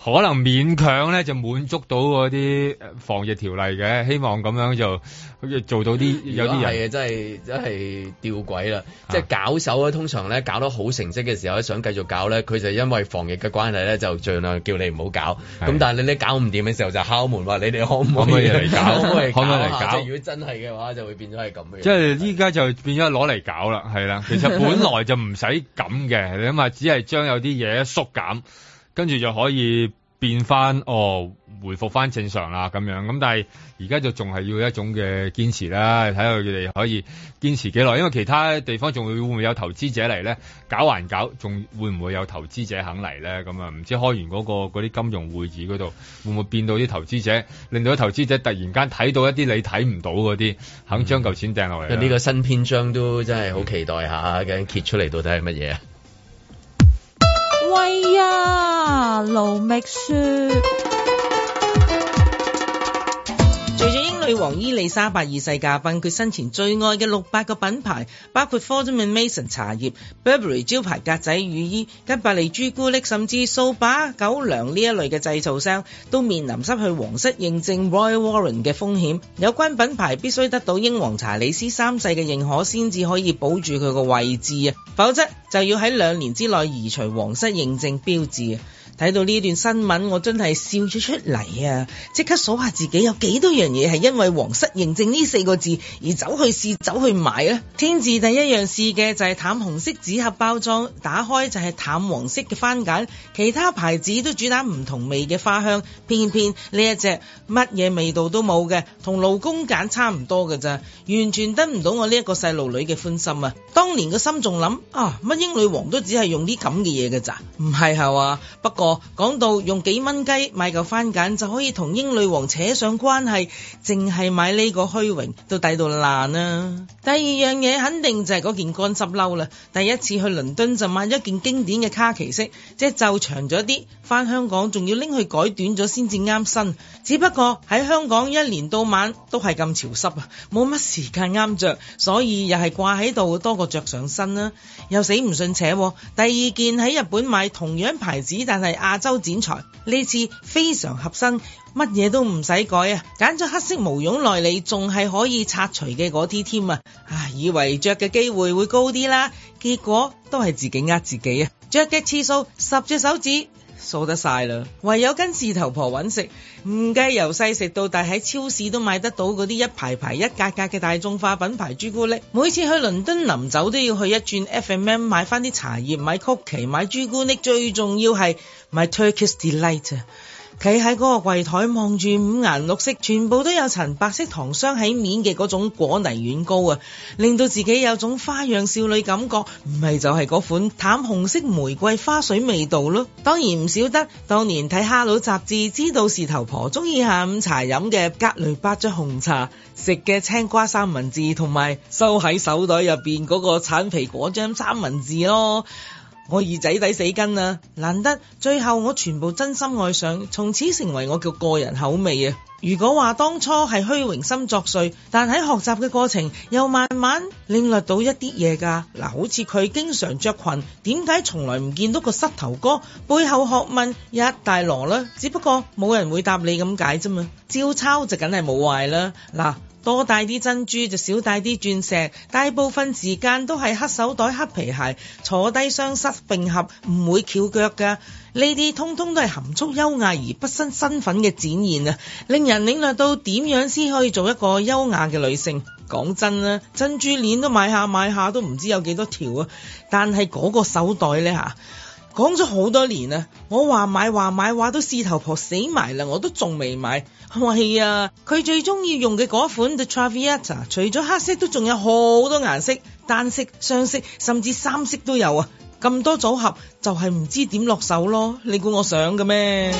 可能勉強咧就滿足到嗰啲防疫條例嘅，希望咁樣就好似做到啲有啲人。係真係真係吊軌啦，啊！即係搞手咧，通常咧搞得好成績嘅時候想繼續搞咧，佢就因為防疫嘅關係咧，就儘量叫你唔好搞。咁但係你咧搞唔掂嘅時候，就敲門話你哋可唔可以嚟搞？ 可唔可以嚟搞？係如果真係嘅話，就會變咗係咁嘅。即係依家就變咗攞嚟搞啦，係啦。其實本來就唔使咁嘅， 你諗下，只係將有啲嘢縮減。跟住就可以變翻哦，回復翻正常啦咁樣。咁但係而家就仲係要一種嘅堅持啦。睇下佢哋可以堅持幾耐，因為其他地方仲會會唔會有投資者嚟咧？搞還搞，仲會唔會有投資者肯嚟咧？咁啊，唔知開完嗰、嗰個嗰啲金融會議嗰度，會唔會變到啲投資者，令到啲投資者突然間睇到一啲你睇唔到嗰啲，肯將嚿錢掟落嚟。呢、嗯呢個新篇章都真係好期待下，緊、嗯、揭出嚟到底係乜嘢啊？喂呀，盧覓雪。英王伊利沙伯二世駕崩，佢生前最愛嘅六百個品牌，包括 Fortnum and Mason 茶葉、Burberry 招牌格仔雨衣、吉百利朱古力，甚至數把狗糧呢一類嘅製造商，都面臨失去皇室認證 Royal Warrant 嘅風險。有關品牌必須得到英皇查理斯三世嘅認可，先至可以保住佢個位置啊，否則就要喺兩年之內移除皇室認證標誌。睇到呢段新聞，我真係笑咗出嚟啊！即刻數下自己有幾多樣嘢係因為皇室認證呢四個字而走去試走去買啊。天字第一樣試嘅就係、是、淡紅色紙盒包裝，打開就係淡黃色嘅番梘，其他牌子都主打唔同味嘅花香，偏偏呢一隻乜嘢味道都冇嘅，同勞工梘差唔多㗎。咋，完全得唔到我呢一個細路女嘅歡心啊！當年個心仲諗啊，乜英女王都只係用啲咁嘅嘢㗎？咋，唔係係嘛？不過。講到用幾蚊雞買嚿番梘，就可以同英女王扯上關係，淨係買呢個虛榮都抵到爛啊。第二樣嘢肯定就係嗰件乾濕褸啦。第一次去倫敦就買咗件經典嘅卡其色，即係袖長咗啲，返香港仲要拎去改短咗先至啱身。只不過喺香港一年到晚都係咁潮濕啊，冇乜時間啱着，所以又係掛喺度多過着上身啦，啊。又死唔信扯，啊，第二件喺日本買同樣牌子，但係。亞洲剪裁呢次非常合身，乜嘢都唔使改啊！揀咗黑色毛絨內裏，仲係可以拆除嘅嗰啲添啊！唉，以為着嘅機會會高啲啦，結果都係自己呃自己啊！着嘅次數十隻手指數得晒啦，唯有跟市頭婆揾食。唔計由細食到大喺超市都買得到嗰啲一排排一格格嘅大眾化品牌朱古力，每次去倫敦臨走都要去一轉 F&M 買翻啲茶葉、買曲奇、買朱古力，最重要係。my Turkish Delight 企喺嗰個櫃台，望住五顏六色，全部都有層白色糖霜喺面嘅嗰種果泥軟糕啊，令到自己有種花樣少女感覺，唔係就係嗰款淡紅色玫瑰花水味道咯。當然唔少得，當年睇哈佬雜誌，知道事頭婆中意下午茶飲嘅格雷伯爵紅茶，食嘅青瓜三文治同埋收喺手袋入面嗰個橙皮果醬三文治咯。我耳仔抵死根啦，難得最後我全部真心愛上，從此成為我嘅個人口味啊。如果話當初係虛榮心作祟，但喺學習嘅過程又慢慢領略到一啲嘢噶嗱，好似佢經常着裙，點解從來唔見到個膝頭哥？背後學問一大籮啦，只不過冇人會答你咁解啫嘛。照抄就梗係冇壞啦嗱。多戴啲珍珠就少戴啲鑽石，大部分時間都係黑手袋、黑皮鞋，坐低雙膝並合，唔會翹腳噶。呢啲通通都係含蓄優雅而不失身，身份嘅展現啊！令人領略到點樣先可以做一個優雅嘅女性。講真啊，珍珠鏈都買下買下都唔知有幾多條啊！但係嗰個手袋呢？吓。講咗好多年啦，我話買話買話都試頭婆死埋啦，我都仲未買。係、哎、啊，佢最中意用嘅嗰款 The Traviata，除咗黑色都仲有好多顏色，單色、雙色甚至三色都有啊。咁多組合就係、是、唔知點落手咯。你估我想嘅咩？